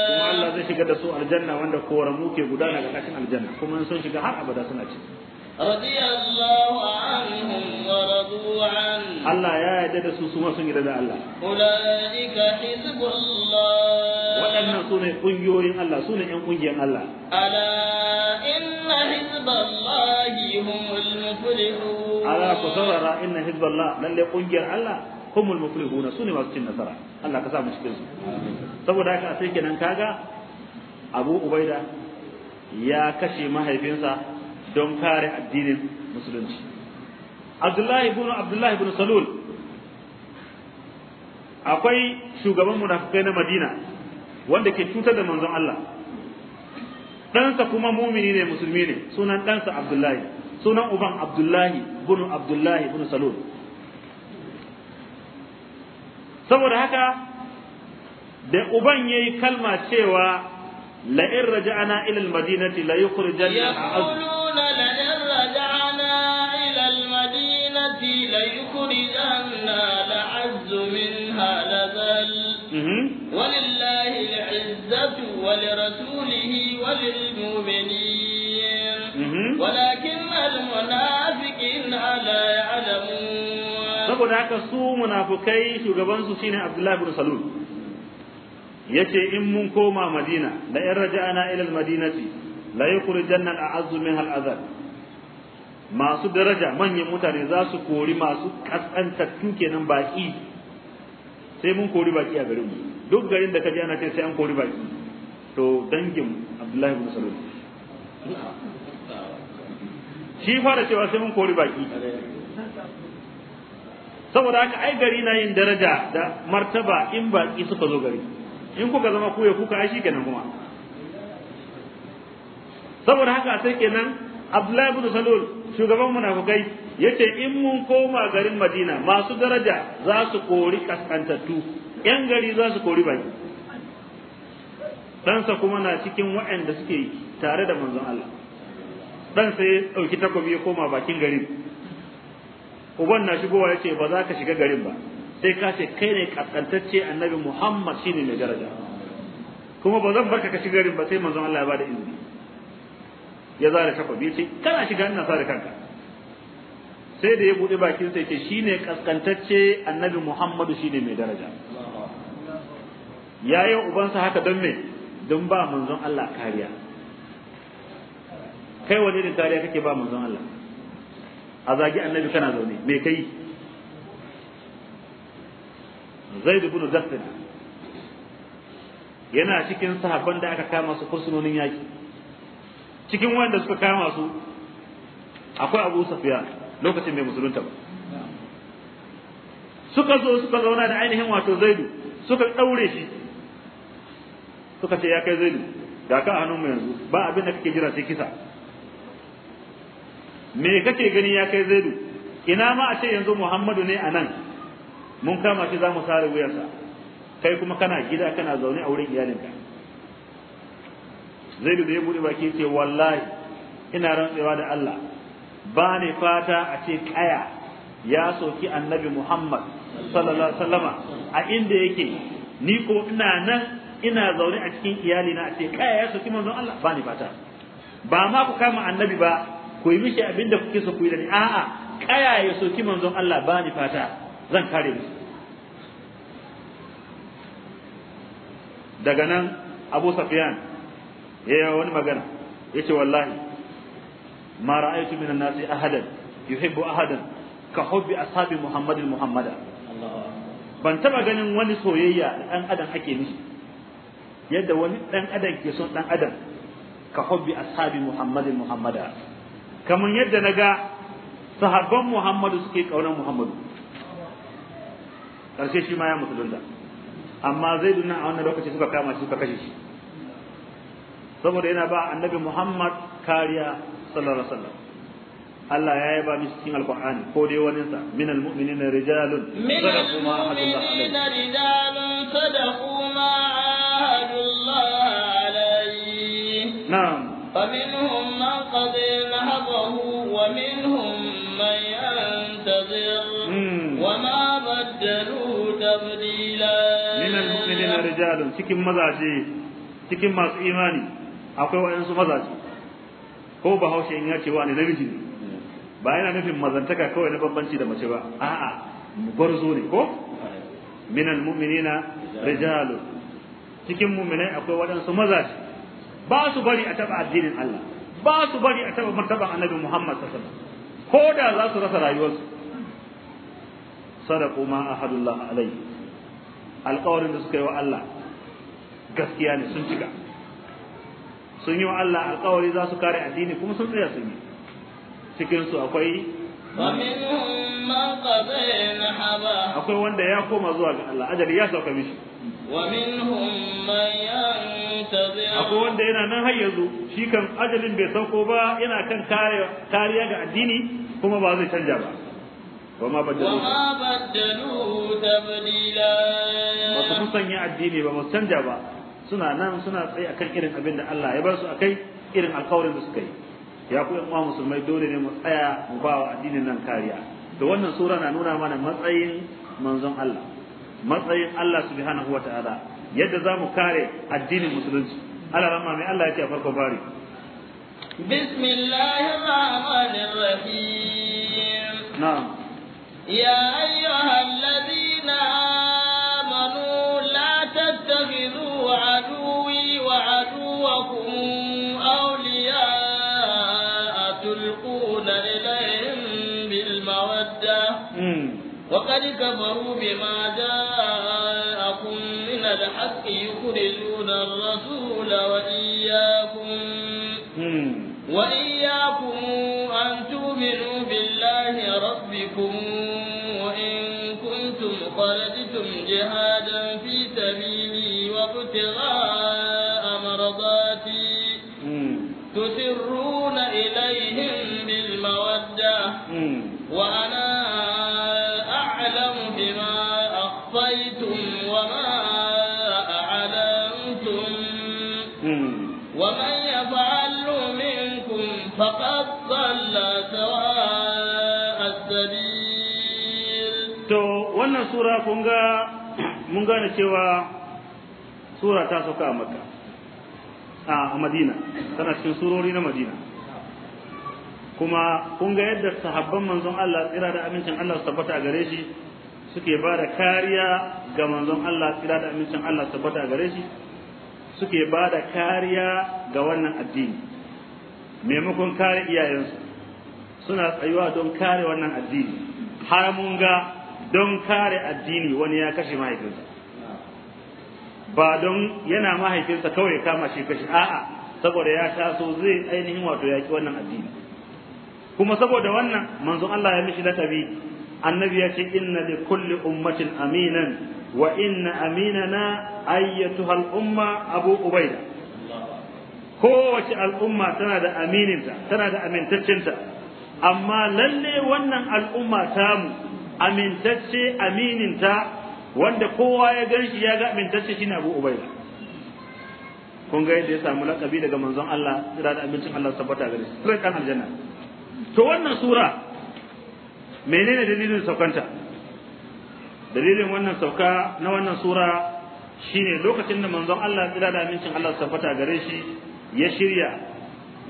kuma Allah zai shiga da su aljanna wanda koramu ke gudana ga kashin aljanna kuma sun shiga har abada suna ciki Allah ya yarda da su su masu yarda da Allah. Waɗannan su ne ƙungiyoyin Allah su ne ‘yan ƙungiyar Allah. Ala inna hizballahi humul muflihun. Ala ku sarara inna hizballah lalle ƙungiyar Allah humul muflihun su ne wasu cin nasara. Allah ka sa mu cikin su. Saboda haka sai kenan kaga Abu Ubaida ya kashe mahaifinsa don kare addinin musulunci abdullahi ibn abdullahi ibn salul akwai shugaban munafikai na madina wanda ke cutar da manzon Allah ɗansa kuma mumini ne musulmi ne sunan ɗansa abdullahi sunan uban abdullahi ibn abdullahi ibn salul saboda haka da uban yayi kalma cewa la in raja'ana ila al-madinati la yukhrijanna saboda haka su munafukai shugabansu shine Abdullahi bin Salul yace in mun koma Madina la in raja'ana ila al-Madinati la yukhrijanna al'azzu min al'azab masu daraja manyan mutane za su kori masu kaskantattu kenan baki sai mun kori baki a garinmu duk garin da ji ana ce sai an kori baki to dangin Abdullahi bin Salul shi fara cewa sai mun kori baki saboda haka ai gari na yin daraja da martaba in baki suka zo gari in kuka zama kuya kuka ai shi kenan kuma saboda haka sai kenan Abdullahi ibn Salul shugaban munafukai yace in mun koma garin Madina masu daraja za su kori kaskantattu yan gari za su kori baki ɗansa kuma na cikin waɗanda suke tare da manzon Allah dan sai dauki takobi ya koma bakin garin uban na shigowa yace ba za ka shiga garin ba sai ka ce kai ne kaskantacce annabi Muhammad shine mai daraja kuma ba zan barka ka shiga garin ba sai manzon Allah ya bada izini ya zara biyu sai kana shiga ina da kanka sai da ya bude bakin sa yace shine kaskantacce annabi Muhammadu shine mai daraja yayi ubansa haka don me don ba manzon Allah kariya kai wani irin kariya kake ba manzon Allah a zagi annabi kana zaune me kai Zaid ibn Dakhdad yana cikin sahabban da aka kama su kursunonin yaki cikin wanda suka kama su akwai Abu safiya lokacin mai musulunta ba suka zo suka zauna da ainihin wato Zaidu suka daure shi suka ce ya kai Zaidu da ka a hannun mu yanzu ba abin da kake jira sai kisa me kake gani ya kai Zaidu ina ma a ce yanzu Muhammadu ne a nan mun kama shi za mu sare wuyarsa kai kuma kana gida kana zaune a wurin iyalinka zaidu da ya bude baki ce wallahi ina rantsewa da Allah ba ne fata a ce kaya ya soki annabi Muhammad sallallahu alaihi wasallama a inda yake ni ko ina nan ina zaune a cikin iyali na a ce kaya ya soki manzon Allah ba ne fata ba ma ku kama annabi ba ku yi mishi abinda kuke so ku yi da ni a'a kaya ya soki manzon Allah ba ne fata zan kare musu daga nan Abu Sufyan ya wani magana yace wallahi ma ra'aytu minan nasi ahadan yuhibbu ahadan ka hubbi ashabi muhammadin muhammada ban taba ganin wani soyayya da dan adam ake mishi yadda wani dan adam ke son dan adam ka hubbi ashabi muhammadin muhammada kamar yadda naga sahabban muhammadu suke kaunar muhammadu karshe shi ma ya musulunta amma zai nan a wannan lokaci suka kama shi suka kashe shi saboda yana ba annabi Muhammad kariya sallallahu alaihi wasallam Allah ya yaba mishi cikin alqur'ani ko dai wani sa min almu'minina rijalun sadaqu ma alaihi na'am فمنهم من قضي نهبه ومنهم من ينتظر وما بدلوا تبديلا من المؤمنين رجال cikin mazaje cikin masu imani akwai waɗansu mazaje ko bahaushe in ya ce wa ne namiji ne ba yana nufin mazantaka kawai na bambanci da mace ba a'a gwarzo ne ko Minan mu'minina rijalu cikin mu'minai akwai waɗansu mazaje ba su bari a taɓa addinin Allah ba su bari a taɓa martaban annabi Muhammad sallallahu alaihi wasallam ko da za su rasa rayuwarsu sadaqu ma ahadullah alaihi alƙawarin da suka yi wa Allah gaskiya ne sun cika sun yi wa Allah alƙawari za su kare addini kuma sun tsaya sun yi cikin su akwai akwai wanda ya koma zuwa ga Allah ajali ya sauka mishi akwai wanda yana nan har yanzu shi kan ajalin bai sauko ba yana kan kariya ga addini kuma ba zai canja ba وما بدلوا تبديلا ba su sanya addini ba mu ba suna nan suna tsaye akan irin abin da Allah ya bar su akai irin alkawarin da suka yi ya ku yan musulmai dole ne mu tsaya mu ba wa addinin nan kariya da wannan sura na nuna mana matsayin manzon Allah matsayin Allah subhanahu wataala yadda zamu kare addinin musulunci Allah ramma mai Allah ya ce a farko bari bismillahir na'am ya ayyuhal كفروا بما جاءكم من الحق يخرجون الرسول وإياكم وإياكم أن تؤمنوا بالله ربكم وإن كنتم خرجتم جهادا في سبيلي وابتغاء sura kun ga mun gane cewa sura ta sauka a makka a madina tana cikin surori na madina kuma kun ga yadda sahabban manzon Allah tsira da amincin Allah su tabbata a gare shi suke ba da kariya ga manzon Allah tsira da amincin Allah su tabbata a gare shi suke ba da kariya ga wannan addini maimakon kare iyayensu suna tsayuwa don kare wannan addini har mun ga don kare addini wani ya kashe mahaifinsa ba don yana mahaifinsa kawai kama shi kashe a'a saboda ya sha so zai ainihin wato yaki wannan addini kuma saboda wannan manzon Allah ya mishi lakabi annabi ya ce inna li kulli ummatin aminan wa inna aminana ayyatuha al umma abu ubaida kowace al'umma tana da amininta tana da amintaccinta amma lalle wannan al'umma tamu amintacce amininta wanda kowa ya gan shi ya ga amintacce shine Abu Ubaida kun ga yadda ya samu lakabi daga manzon Allah tsira da abincin Allah tabbata gare shi sai kan aljanna to wannan sura menene dalilin saukanta dalilin wannan sauka na wannan sura shine lokacin da manzon Allah tsira da abincin Allah tabbata gare shi ya shirya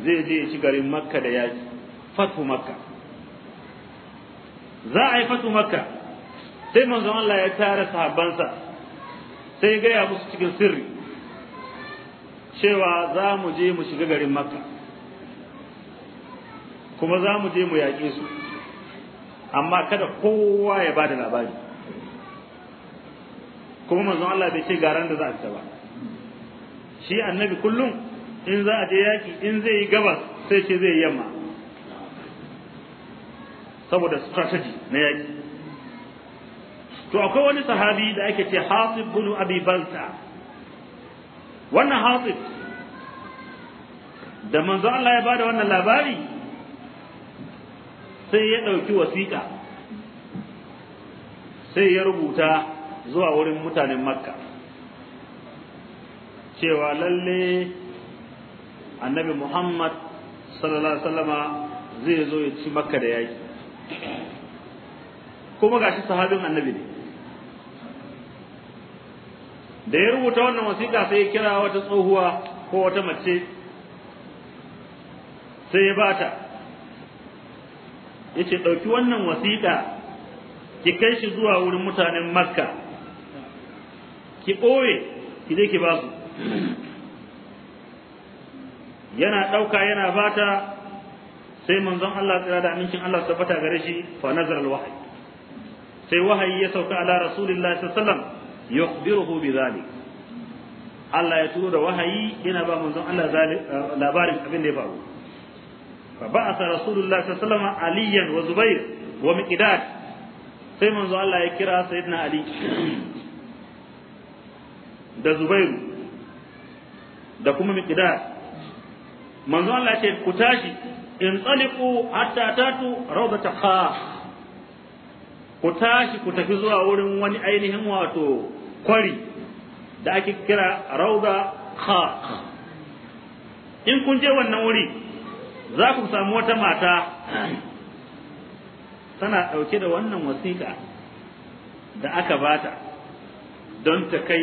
zai je ya ci garin Makka da yaki fatu Makka za a yi fatu maka sai manzon Allah ya tara sahabbansa sai ya gaya musu cikin sirri cewa za mu je mu shiga garin makka kuma za mu je mu yaƙe su amma kada kowa ya ba da labari kuma manzon Allah bai ce garan da za a ta ba shi annabi kullum in za a je yaƙi in zai yi gabas sai ce zai yi yamma saboda strategy na yaki to akwai wani sahabi da ake ce Hasib bin Abi Balta wannan Hasib da manzo Allah ya bada wannan labari sai ya dauki wasiƙa sai ya rubuta zuwa wurin mutanen Makka cewa lalle annabi Muhammad sallallahu alaihi wasallama zai zo ya ci Makka da yaki kuma gashi sahabin annabi ne da ya rubuta wannan wasiƙa sai ya kira wata tsohuwa ko wata mace sai ya bata Ya ce ɗauki wannan wasiƙa ki kai shi zuwa wurin mutanen makka ki ɓoye ki je ki basu yana ɗauka yana bata sai manzon Allah tsira da amincin Allah tabbata gare shi fa nazar alwahyi sai wahayi ya sauka ala rasulillahi sallallahu alaihi wasallam yukhbiruhu bidhalik Allah ya turo da wahayi yana ba manzon Allah eh, labarin abin da ya faru fa ba'atha rasulullahi sallallahu alaihi wasallam aliyan wa zubair wa miqdad sai manzon Allah ya kira sayyidina ali da zubair da kuma miqdad manzon Allah ya ce ku tashi in tsaliku hatta tatu rawdata khah ku tashi ku tafi zuwa wurin wani ainihin wato kwari da ake kira rauda khaq in kun je wannan wuri za ku samu wata mata tana ɗauke da wannan wasiƙa da aka bata don ta kai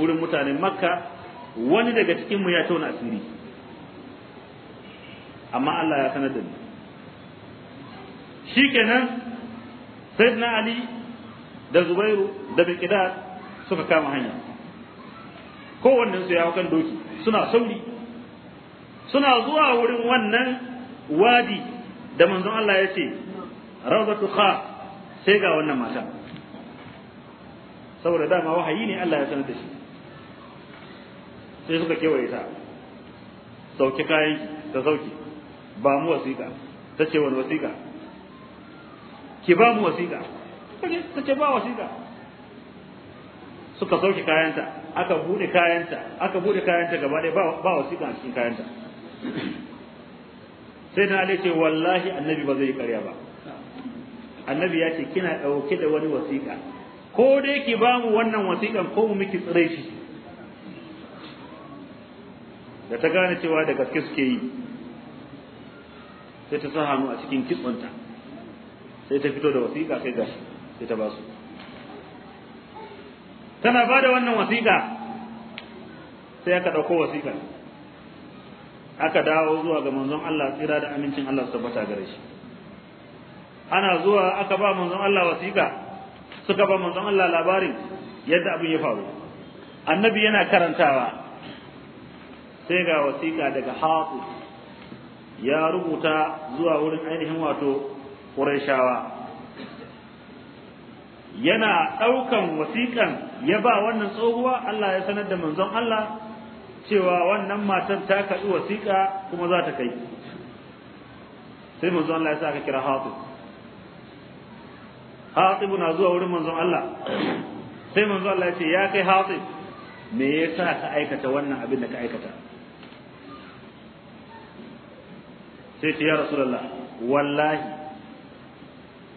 wurin mutanen makka wani daga cikinmu ya tauna asiri amma Allah ya sanar da ni shikenan na ali da zubairu da biqdad suka kama hanya kowannen su ya kan doki suna sauri suna zuwa wurin wannan wadi da manzon Allah ya ce rawdatu kha sai ga wannan mata saboda dama wahayi ne Allah ya sanar da shi sai suka kewaye ta sauki kayan ta sauki ba mu wasiƙa ta ce wani wasiƙa ki ba mu wasiƙa ta ce ba wasiƙa suka sauke kayanta aka buɗe kayanta aka buɗe kayanta gaba ɗaya ba wasiƙa a cikin kayanta sai na ali ce wallahi annabi ba zai karya ba annabi ya ce kina ɗauke da wani wasiƙa ko dai ki ba mu wannan wasiƙan ko mu miki tsirai shi da ta gane cewa da gaske suke yi sai ta sa hannu a cikin kitsonta sai ta fito da wasiƙa sai ga sai ta basu tana ba da wannan wasiƙa sai aka ɗauko wasiƙa aka dawo zuwa ga manzon Allah tsira da amincin Allah su tabbata gare shi ana zuwa aka ba manzon Allah wasiƙa suka ba manzon Allah labarin yadda abin ya faru annabi yana karantawa sai ga wasiƙa daga hafu ya rubuta zuwa wurin ainihin wato ƙurashawa yana ɗaukan wasiƙan ya ba wannan tsohuwa Allah ya sanar da manzon Allah cewa wannan matan ta kaɗi wasiƙa kuma za ta kai sai manzon Allah ya sa aka kira hatib hatib na zuwa wurin manzon Allah sai manzon Allah ya ce ya kai hatib me yasa ka aikata wannan abin da ka aikata sai ce ya rasulullah wallahi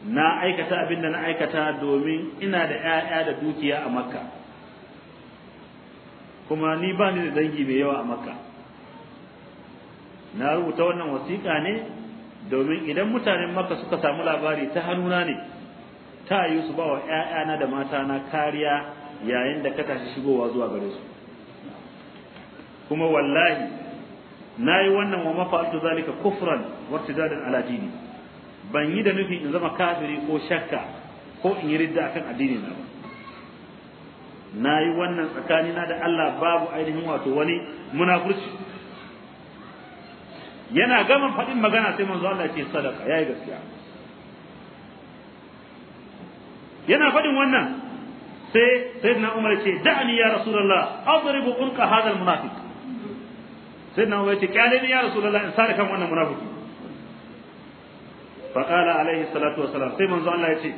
na aikata abin da na aikata domin ina da ‘ya'ya da dukiya a makka kuma ni ba ni da dangi mai yawa a makka na rubuta wannan wasiƙa ne domin idan mutanen makka suka samu labari ta hannuna ne ta yi su ba wa ‘ya'yana da matana kariya yayin da ka tashi shigowa zuwa gare su kuma wallahi na yi wannan wa mafa'altu zalika kufran wa tijadan ala dini ban yi da nufi in zama kafiri ko shakka ko in yi ridda akan addini na ba na yi wannan tsakanina da Allah babu ainihin wato wani munafurci yana gama faɗin magana sai manzo Allah ce sadaka yayi gaskiya yana faɗin wannan sai sayyidina Umar ce da'ani ya rasulullah adrib unqa hadha almunafiq sayyidina Umar ce kyale ni ya rasulullah in sare kan wannan munafiki fa qala alaihi salatu wasalam sai manzo Allah ya ce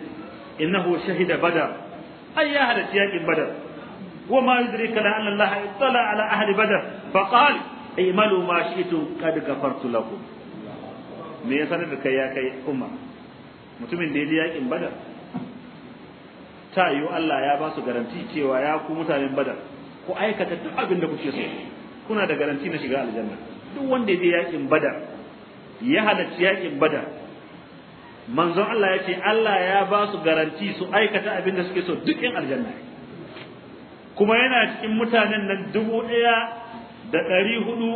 innahu shahida badar ay ya hada yakin wa ma yudrika la anna Allah ittala ala ahli badar fa qala me ya sanar da kai ya kai umma mutumin da ya ji yakin badar ta yiwu Allah ya ba su garanti cewa ya ku mutanen badar ku aikata duk abin da kuke so kuna da garanti na shiga aljanna duk wanda ya je yakin badar ya halarci yakin badar manzon Allah ya ce Allah ya ba su garanti su aikata abin da suke so duk in aljanna kuma yana cikin mutanen nan dubu ɗaya da ɗari hudu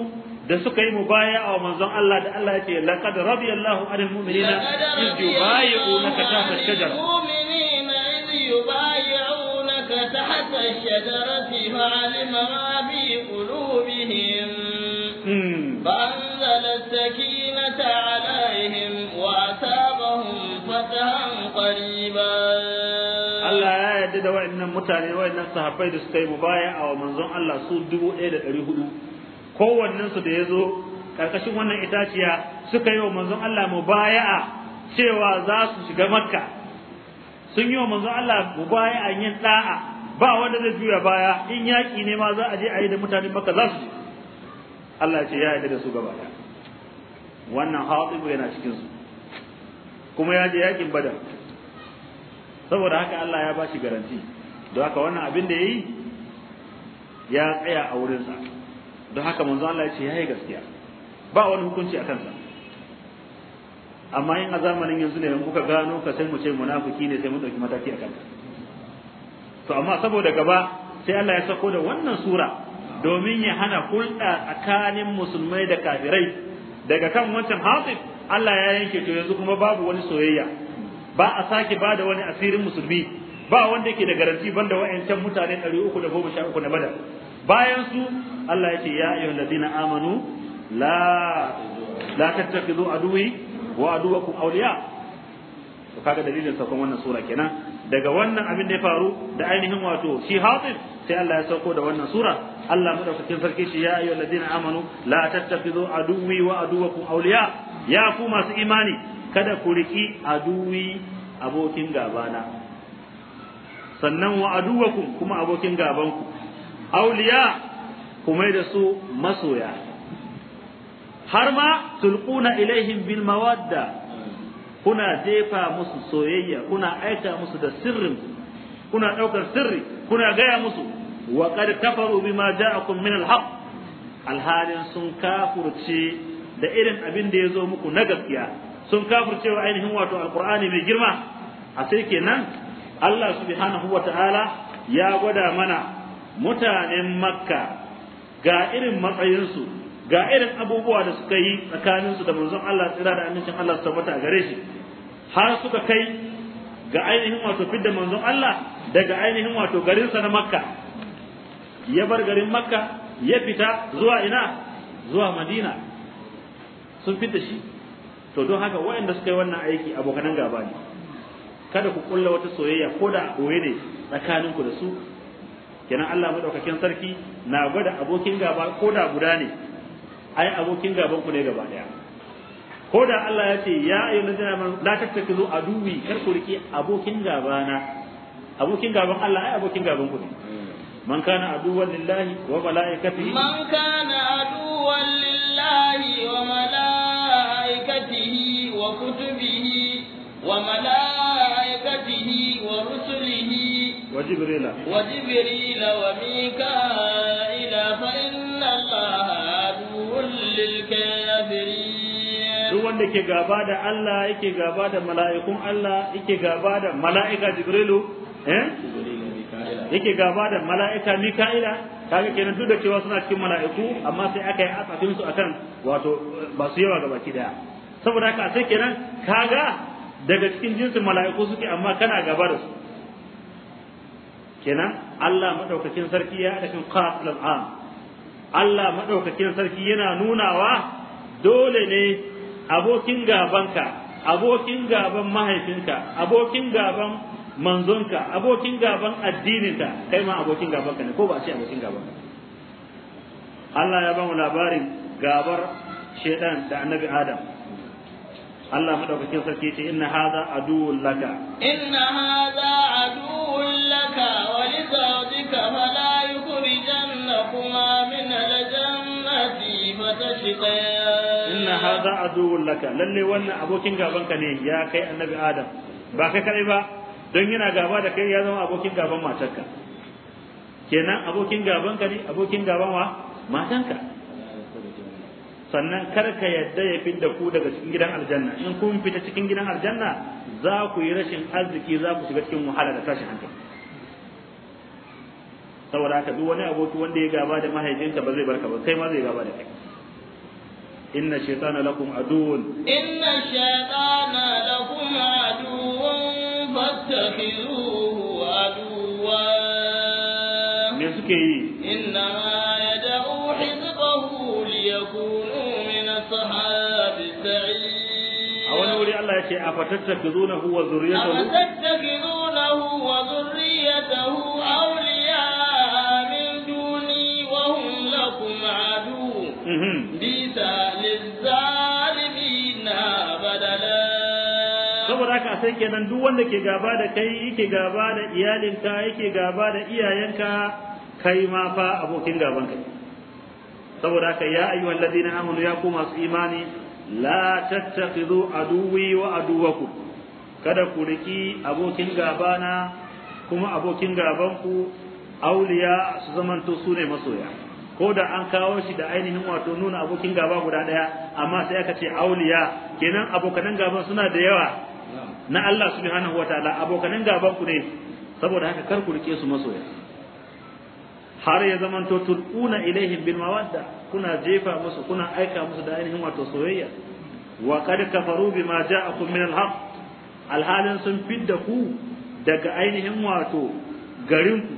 da suka yi mubaya a manzon Allah da Allah ya ce laqad radiyallahu anil mu'minina iz yubayyi'unaka tahta ash-shajar تحت الشجرة فعلم ما Allah ya yadda da wayannan mutane wayannan sahabbai da suka yi mubaya a manzon Allah su 1400 kowannen su da yazo karkashin wannan itaciya suka yi wa manzon Allah mubaya'a cewa za su shiga Makka sun yi wa manzon Allah mubaya'a yin da'a ba wanda zai juya baya in yaki ne ma za a je a yi da mutanen Makka za su Allah ce ya yadda da su gaba wannan Hatib yana cikin su kuma ya je yakin Badar saboda haka Allah ya bashi garanti don haka wannan abin da yayi ya tsaya a wurin sa don haka manzo Allah ya ce yayi gaskiya ba wani hukunci a kansa amma in a zamanin yanzu ne kuka gano ka sai mu ce munafiki ne sai mu dauki mataki a kanka to amma saboda gaba sai Allah ya sako da wannan sura domin ya hana hulɗa tsakanin musulmai da kafirai daga kan wancan hasif Allah ya yanke to yanzu kuma babu wani soyayya ba a sake ba da wani asirin musulmi ba wanda yake da garanti banda wa'ancan mutane 313 na badar bayan su Allah ya ce ya ayyuhal ladina amanu la la tattakhidhu aduwi wa aduwakum awliya to kaga dalilin sakon wannan sura kenan daga wannan abin da ya faru da ainihin wato shi hafiz sai Allah ya sauko da wannan sura Allah madaukakin sarki shi ya ayyuhal ladina amanu la tattakhidhu aduwwi wa aduwwakum awliya ya ku masu imani kada ku riki aduwi abokin gabana sannan wa aduwwakum kuma abokin gabanku awliya kuma da su masoya har ma tulquna ilaihim bil mawadda kuna jefa musu soyayya kuna aika musu da sirrin kuna ɗaukar sirri kuna gaya musu wa qad kafaru bima ja'akum min al-haq alhalin sun kafurce da irin abin da zo muku na gaskiya sun kafurce wa ainihin wato alqur'ani mai girma a sai kenan Allah subhanahu wa ta'ala ya gwada mana mutanen makka ga irin matsayinsu ga irin abubuwa da suka yi tsakaninsu da manzon Allah tsira da amincin Allah su gare shi har suka kai ga ainihin wato fidda manzon Allah daga ainihin wato garinsa na makka ya bar garin makka ya fita zuwa ina zuwa madina sun fita shi to don haka waɗanda suka yi wannan aiki abokanan gaba ne kada ku kulla wata soyayya ko da ɓoye ne tsakaninku da su kenan Allah madaukakin sarki na gwada abokin gaba ko da guda ne ai abokin gaban ku ne gaba daya ko da Allah ya ce ya na ladina man la tattakizu aduwi kar ku riki abokin gabana abokin gaban Allah ai abokin gaban ku ne من كان عدوا لله وملائكته من كان عدوا لله وملائكته وكتبه وملائكته ورسله وجبريل وجبريل وميكائيل فإن الله عدو للكافرين duk wanda ke gaba da Allah yake gaba da mala'ikun Allah yake gaba da mala'ika Jibrilu eh yake gaba da mala'ika mika'ila kaga kenan duk da cewa suna cikin mala'iku amma sai aka yi asafin su akan wato ba su yawa gaba ki daya saboda haka sai kenan kaga daga cikin jinsin mala'iku suke amma kana gaba da su kenan Allah madaukakin sarki ya da kan qatil am Allah madaukakin sarki yana nunawa dole ne abokin gabanka abokin gaban mahaifinka abokin gaban manzonka abokin gaban addininta kai ma abokin gaban ka ne ko ba a ce abokin gaban Allah ya bamu labarin gabar shedan da annabi Adam Allah madaukakin sarki ce inna hadha aduwwun laka inna hadha aduwwun laka wa li zawjika fala yukhrijannakuma min al-jannati fatashqa inna hadha aduwwun laka lalle wannan abokin gaban ka ne ya kai annabi Adam ba kai kai ba don yana gaba da kai ya zama abokin gaban matarka kenan abokin gaban ka ne abokin gaban wa matanka sannan kar ka yadda ya fidda ku daga cikin gidan aljanna in kun fita cikin gidan aljanna za ku yi rashin arziki za ku shiga cikin wahala da tashi hankali saboda haka duk wani aboki wanda ya gaba da mahaifinka ba zai barka ba kai ma zai gaba da kai inna shaytana lakum aduwwun inna shaytana lakum aduwwun فاتخذوه عدوا me suke yi إنما يدعو حزبه ليكونوا من أصحاب السعير a wani wuri Allah ya ce a fatattakizunahu wa zurriyatahu sai kenan duk wanda ke gaba da kai yake gaba da iyalinka yake gaba da iyayenka kai ma fa abokin gaban kai saboda haka ya ayyuhal amanu ya ku masu imani la tattakhidhu aduwi wa aduwwakum kada ku riki abokin gabana kuma abokin gabanku auliya su zamanto su ne masoya ko da an kawo shi da ainihin wato nuna abokin gaba guda daya amma sai aka ce auliya kenan abokanan gaban suna da yawa na Allah subhanahu wataala abokanin gaban ku ne saboda haka kar ku rike su masoya har ya zaman to tulquna ilaihim bil mawadda kuna jefa musu kuna aika musu da ainihin wato soyayya wa qad kafaru bima ja'akum min al haqq alhalin sun fidda ku daga ainihin wato garin ku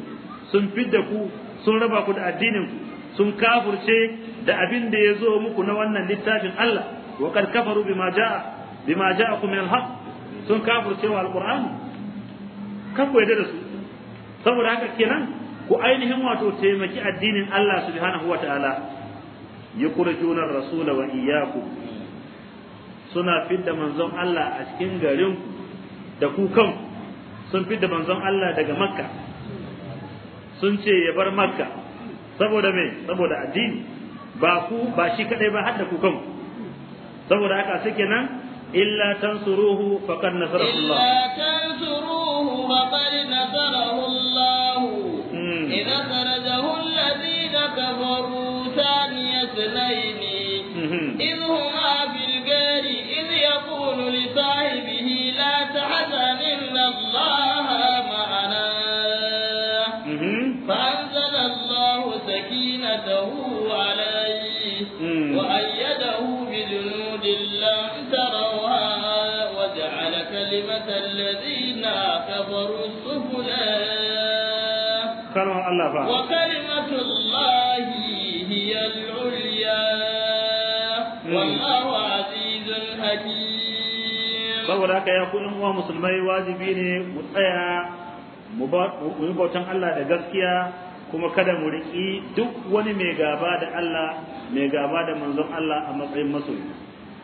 sun fidda ku sun raba ku da addinin ku sun kafurce da abin da ya zo muku na wannan littafin Allah wa qad kafaru bima ja'a bima ja'akum min al sun kafir cewa alqur'ani kan ku da su saboda haka kenan ku ainihin wato taimaki addinin Allah subhanahu wataala yukhrijuna ar-rasula wa iyyakum suna fidda manzon Allah a cikin garin da ku kan sun fidda manzon Allah daga makka sun ce ya bar makka saboda me saboda addini ba ku ba shi kadai ba hadda ku kan saboda haka sai kenan إلا تنصروه فقد نصره الله إلا تنصروه وكلمة الله هي العليا والله عزيز حكيم saboda haka ya kunin uwa musulmai wajibi ne mu tsaya mu yi bautan Allah da gaskiya kuma kada mu riƙi duk wani mai gaba da Allah mai gaba da manzon Allah a matsayin masoyi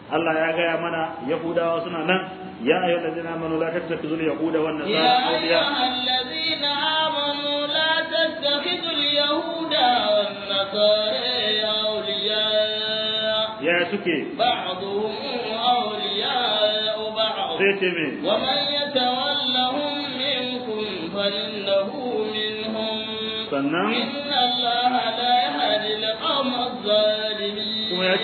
Allah ya gaya mana Yahudawa suna nan ya ayyuhallazina amanu la tattakhizul yahuda wan nasara awliya والنصارى أولياء يا سكي بعضهم أولياء بعض ومن يتولهم منكم فإنه منهم إن الله لا يهدي القوم الظالمين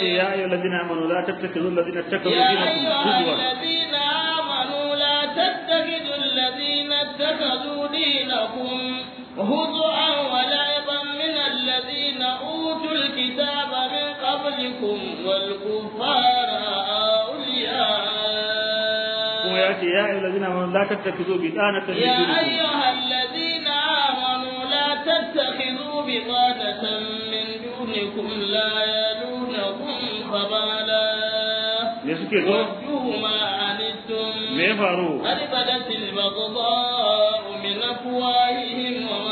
يا أيها الذين آمنوا لا تتخذوا الذين اتخذوا دينكم أيها الذين آمنوا لا تتخذوا الذين اتخذوا دينكم هزوا والكفار أولياء يا أيها الذين آمنوا لا تتخذوا بطانة من يا أيها الذين آمنوا لا تتخذوا بطانة من دونكم لا يلونكم خبالا وجوه ما عنتم قد بدت البغضاء من أفواههم وما